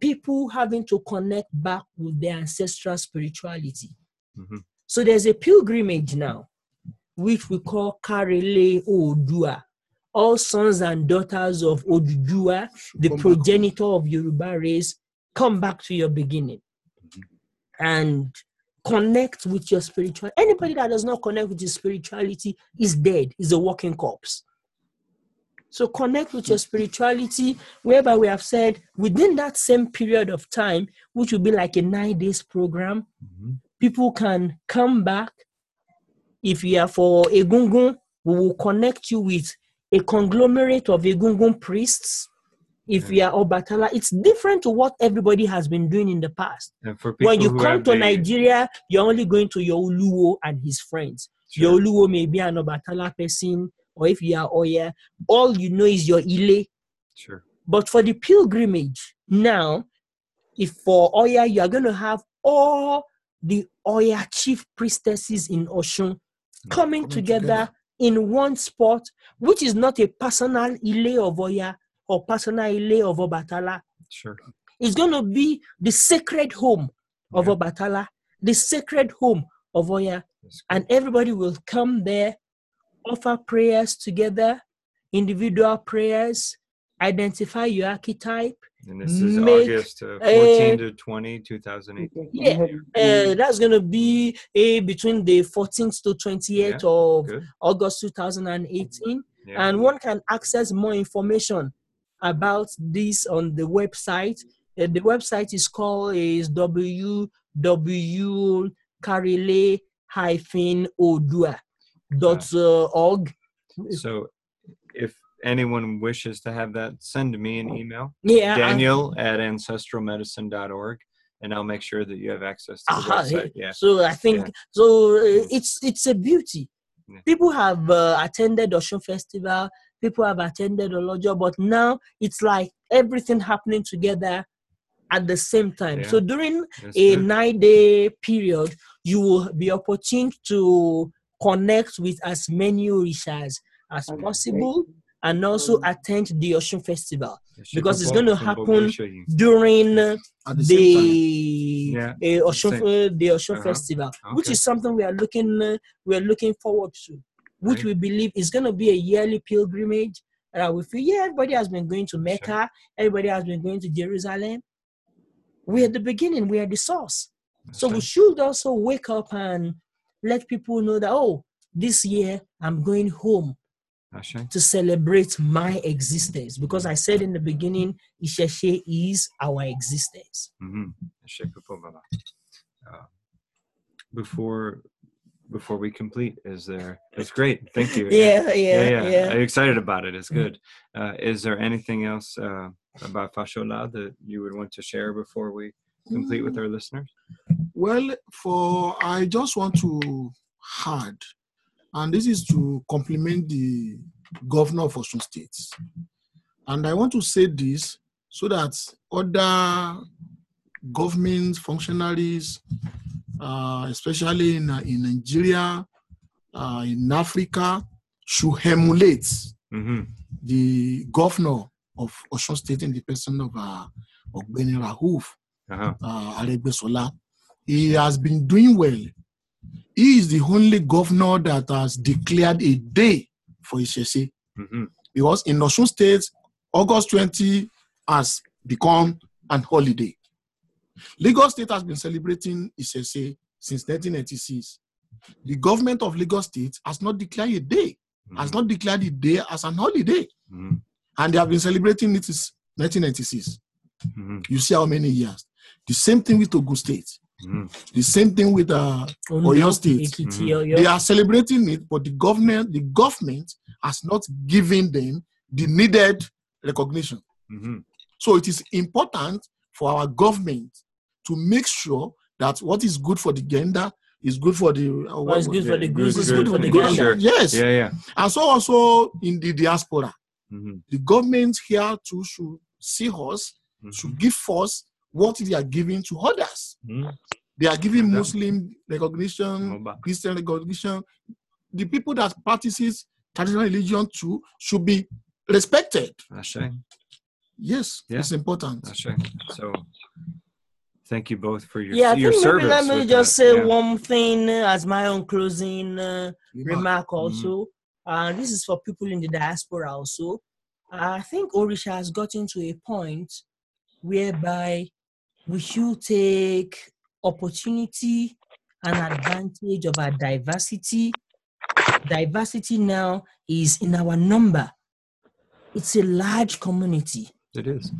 people having to connect back with their ancestral spirituality. Mm-hmm. So there's a pilgrimage now, which we call Karele Odua all sons and daughters of Odujuwa, the come progenitor back. of Yoruba race, come back to your beginning mm-hmm. and connect with your spiritual. Anybody that does not connect with his spirituality is dead, is a walking corpse. So connect with your spirituality, whereby we have said within that same period of time, which will be like a nine days program, mm-hmm. people can come back. If you are for Egungun, we will connect you with a conglomerate of Egungun priests. If we are Obatala, it's different to what everybody has been doing in the past. when you come to been... Nigeria, you're only going to your and his friends. Sure. Your may be an Obatala person, or if you are Oya, all you know is your Ile. Sure. But for the pilgrimage, now, if for Oya, you are going to have all the Oya chief priestesses in Oshun hmm. coming together, together, in one spot, which is not a personal Ile of Oya or personal Ile of Obatala. Sure. It's going to be the sacred home of yeah. Obatala, the sacred home of Oya. And everybody will come there, offer prayers together, individual prayers, identify your archetype, and this is make, August uh, 14 to 20, 2018. Yeah, uh, that's going to be a between the 14th to 28th yeah, of good. August 2018. Yeah. And one can access more information about this on the website. Uh, the website is called is www.carile-odua.org. So anyone wishes to have that, send me an email. Yeah. Daniel at ancestralmedicine.org and I'll make sure that you have access to the uh-huh. Yeah. So I think yeah. so. Uh, mm. It's it's a beauty. Yeah. People have uh, attended Ocean Festival. People have attended Olojo, but now it's like everything happening together at the same time. Yeah. So during a nine-day period, you will be opportune to connect with as many orishas as possible and also um, attend the Ocean Festival because it's going to happen during the, the yeah, uh, uh, the Oshun uh-huh. Festival, okay. which is something we are looking uh, we are looking forward to, which right. we believe is going to be a yearly pilgrimage. And we feel yeah, everybody has been going to Mecca, sure. everybody has been going to Jerusalem. We're the beginning, we are the source. That's so right. we should also wake up and let people know that oh, this year I'm going home Ashe. to celebrate my existence because I said in the beginning, Isheshe is our existence. Mm-hmm. Uh, before before we complete is there it's great thank you yeah yeah yeah, yeah. yeah. i'm excited about it it's mm-hmm. good uh, is there anything else uh, about fashola that you would want to share before we complete with mm. our listeners well for i just want to add and this is to complement the governor of Osun State. And I want to say this so that other government functionaries, uh, especially in, uh, in Nigeria, uh, in Africa, should emulate mm-hmm. the governor of Osun State in the person of uh, Ogbeni Rahuf uh-huh. uh He has been doing well he is the only governor that has declared a day for Ishese. Mm-hmm. Because in Osun State, August 20 has become an holiday. Lagos State has been celebrating Ishese since 1986. The government of Lagos State has not declared a day, mm-hmm. has not declared a day as an holiday. Mm-hmm. And they have been celebrating it since 1996. Mm-hmm. You see how many years. The same thing with Togo State. Mm. The same thing with uh, Oyo State. Mm. They are celebrating it, but the government, the government has not given them the needed recognition. Mm-hmm. So it is important for our government to make sure that what is good for the gender is good for the. Uh, good, yeah, for the good, good, good, for the good, gender. Yes. Yeah, yeah. And so also in the diaspora, mm-hmm. the government here too should see us, mm-hmm. should give us what they are giving to others. mm They are giving Muslim recognition, Christian recognition. The people that practices traditional religion too should be respected. That's Yes, yeah. it's important. That's So thank you both for your yeah, your service. Let me just that. say yeah. one thing as my own closing uh, remark mm-hmm. also. mm Uh, this is for people in the diaspora also. I think Orisha has gotten to a point whereby we should take opportunity and advantage of our diversity. Diversity now is in our number. It's a large community. It is.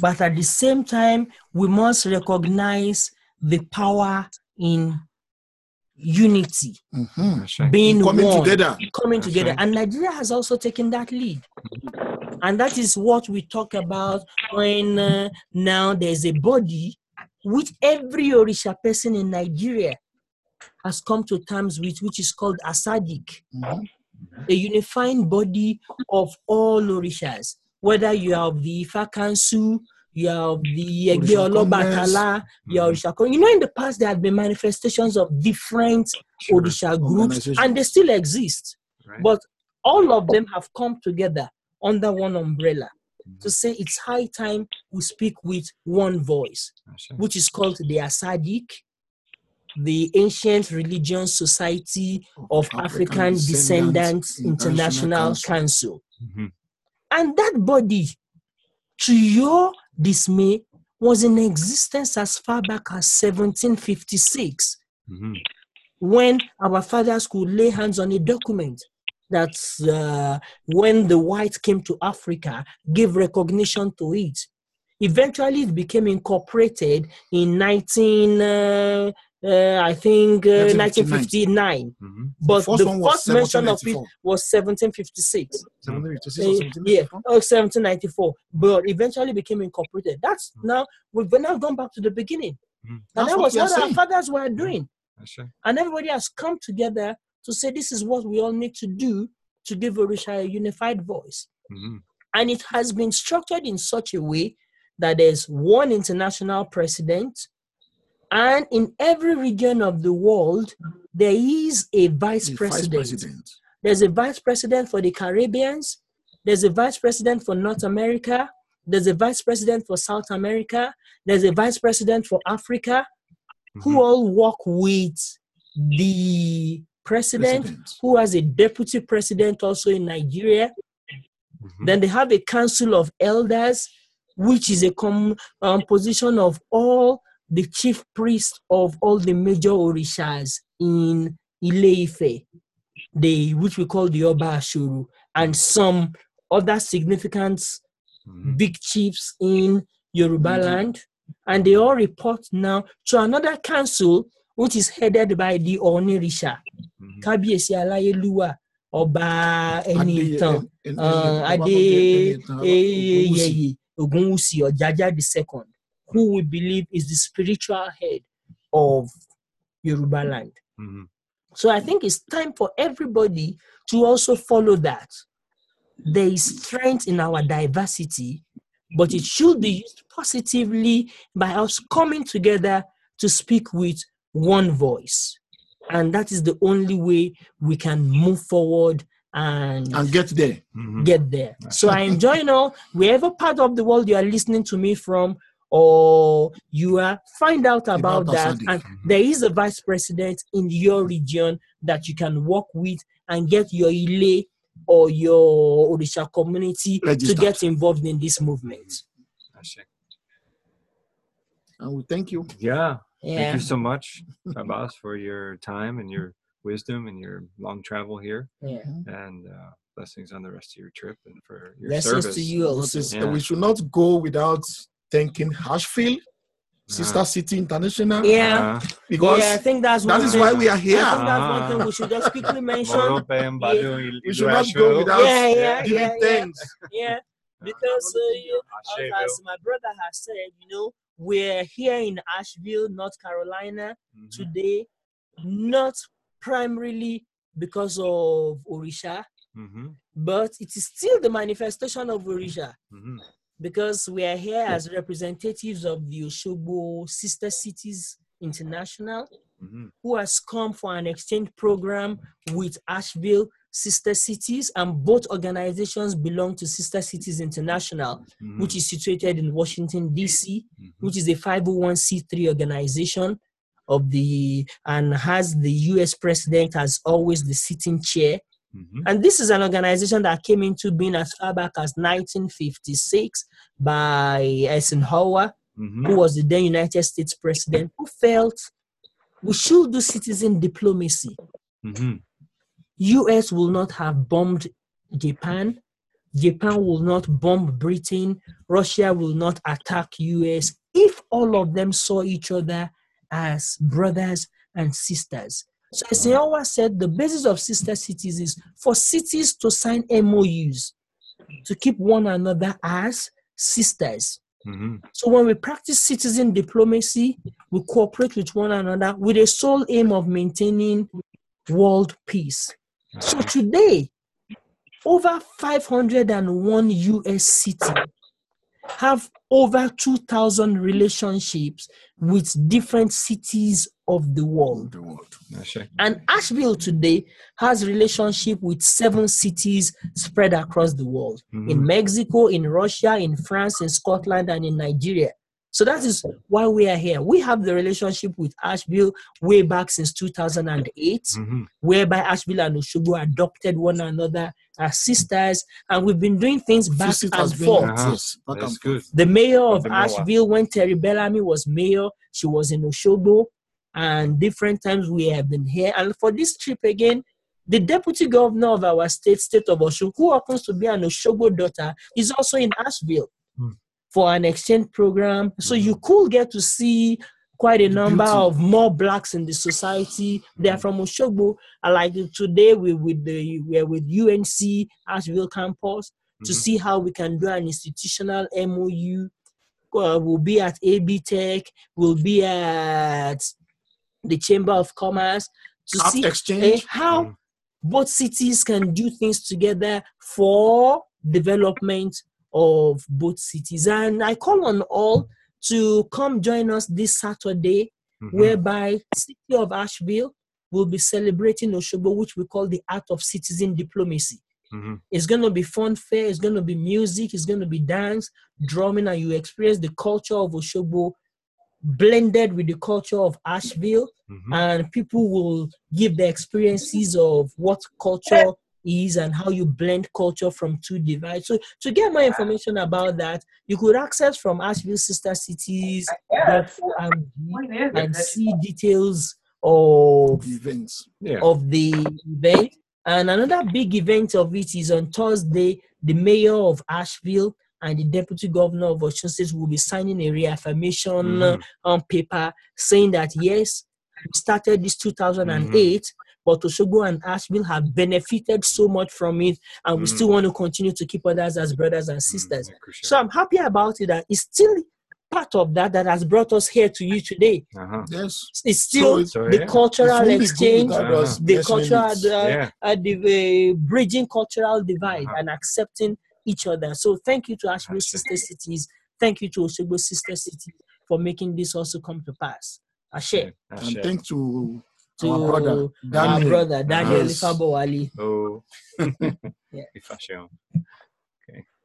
But at the same time, we must recognize the power in unity, mm-hmm. being coming one, together. coming together. And Nigeria has also taken that lead. Mm-hmm. And that is what we talk about when uh, now there's a body which every Orisha person in Nigeria has come to terms with, which is called asadik mm-hmm. a unifying body of all Orishas, whether you are of the Ifa Council, you are of the Egbe Olobatala, you are mm-hmm. Orisha. You know, in the past, there have been manifestations of different Orisha groups, and they still exist. Right. But all of them have come together under one umbrella mm-hmm. to say it's high time we speak with one voice, which is called the Asadiq, the Ancient Religion Society of African, African Descendants, Descendants International, International Council. Mm-hmm. And that body, to your dismay, was in existence as far back as 1756, mm-hmm. when our fathers could lay hands on a document that uh, when the whites came to Africa, gave recognition to it. Eventually, it became incorporated in 19, uh, uh, I think, 1959. Uh, mm-hmm. But the first, the first mention of it was 1756. 1756 uh, yeah, oh, 1794. But eventually became incorporated. That's mm-hmm. now, we've now gone back to the beginning. Mm-hmm. And That's that was what, what our fathers were doing. And everybody has come together to say this is what we all need to do to give Orisha a unified voice. Mm-hmm. And it has been structured in such a way that there's one international president, and in every region of the world, there is a vice, a president. vice president. There's a vice president for the Caribbeans, there's a vice president for North America, there's a vice president for South America, there's a vice president for Africa, mm-hmm. who all work with the president, president, who has a deputy president also in Nigeria. Mm-hmm. Then they have a council of elders, which is a com- um, position of all the chief priests of all the major orishas in Ileife, the, which we call the Oba Ashuru, and some other significant mm-hmm. big chiefs in Yoruba mm-hmm. land. And they all report now to another council which is headed by the Onirisha, Risha, hmm ọba Aláyélúwà, Ọba Ẹnìtàn, Adéyẹyè, uh, Ògúnwùsì, Ọ̀jájá the second, who we believe is the spiritual head of Yoruba land. Mm-hmm. So I think it's time for everybody to also follow that. There is strength in our diversity, but it should be used positively by us coming together to speak with one voice. And that is the only way we can move forward and, and get there. Mm-hmm. Get there. So I enjoy you know wherever part of the world you are listening to me from, or you are find out about, that. And mm-hmm. is a vice president in your region that you can work with and get your Ile or your Odisha community Registered. to get involved in this movement. And mm-hmm. we thank you. Yeah. Yeah. Thank you so much, Abbas, for your time and your wisdom and your long travel here. Yeah. And uh, blessings on the rest of your trip and for your blessings service. to you also. Yeah. We should not go without thanking Hashfield uh-huh. sister city international yeah uh-huh. because yeah, i think that's that is why we are here I think that's one thing we should just quickly mention we should not go without yeah, yeah, yeah, yeah, yeah because uh, you, as my brother has said you know we're here in Asheville, North Carolina mm-hmm. today, not primarily because of Orisha, mm-hmm. but it is still the manifestation of Orisha mm-hmm. because we are here as representatives of the Oshobo Sister Cities International. Mm-hmm. who has come for an exchange program with Asheville sister cities, and both organizations belong to Sister Cities International, mm-hmm. which is situated in Washington, D.C., mm-hmm. which is a 501c3 organization of the and has the U.S. president as always the sitting chair. Mm-hmm. And this is an organization that came into being as far back as 1956 by Eisenhower, mm-hmm. who was the then United States president, who felt we should do citizen diplomacy. Mm-hmm. US will not have bombed Japan. Japan will not bomb Britain. Russia will not attack US if all of them saw each other as brothers and sisters. So Eseowa said the basis of sister cities is for cities to sign MOUs to keep one another as sisters. Mm-hmm. So when we practice citizen diplomacy, we cooperate with one another with a sole aim of maintaining world peace. So today, over 501 US cities have over 2,000 relationships with different cities of the world. The world. And Asheville today has relationship with seven cities spread across the world. Mm-hmm. In Mexico, in Russia, in France, in Scotland, and in Nigeria. So that is why we are here. We have the relationship with Asheville way back since 2008, mm-hmm. whereby Asheville and Oshogo adopted one another as sisters, and we've been doing things back and forth. Uh-huh. Back and The mayor of Asheville, when Terry Bellamy was mayor, she was in Oshogo, and different times we have been here. And for this trip again, the deputy governor of our state, state of Osun, who happens to be an Oshogo daughter, is also in Asheville for an exchange program. So mm-hmm. you could get to see quite a number Beauty. of more blacks in the society. They are mm-hmm. from Oshogbo. like today we with the we're with UNC Asheville campus mm-hmm. to see how we can do an institutional MOU. Uh, we'll be at AB Tech. We'll be at the Chamber of Commerce to see eh, exchange. Uh, how mm. both cities can do things together for development of both cities. And I call on all to come join us this Saturday, mm-hmm. whereby City of Asheville will be celebrating Oshobo, which we call the Art of Citizen Diplomacy. Mm-hmm. It's going to be fun fair, it's going to be music, it's going to be dance, drumming, and you experience the culture of Oshobo blended with the culture of Asheville, mm-hmm. and people will give the experiences of what culture is and how you blend culture from two divides. So to get more information about that, you could access from Asheville Sister Cities and, and see details of the events yeah. of the event. And another big event of it is on Thursday, the mayor of Asheville and the deputy governor of Osun State will be signing a reaffirmation mm-hmm. on paper saying that yes, we started this 2008. Mm-hmm but Osogbo and Asheville have benefited so much from it, and we mm. still want to continue to keep others as brothers and mm, sisters. Mm, so I'm happy about it that it's still part of that that has brought us here to you today. Uh-huh. Yes, it's still so the yeah. cultural really exchange, uh-huh. the yes, cultural, uh, yeah. uh, the uh, bridging cultural divide uh-huh. and accepting each other. So thank you to Asheville sister cities. Thank you to Osogbo sister cities for making this also come to pass. Ashe. Ashe. you. thanks to to our brother Daniel, our brother, Daniel yes. Ifabowali. Oh, yeah.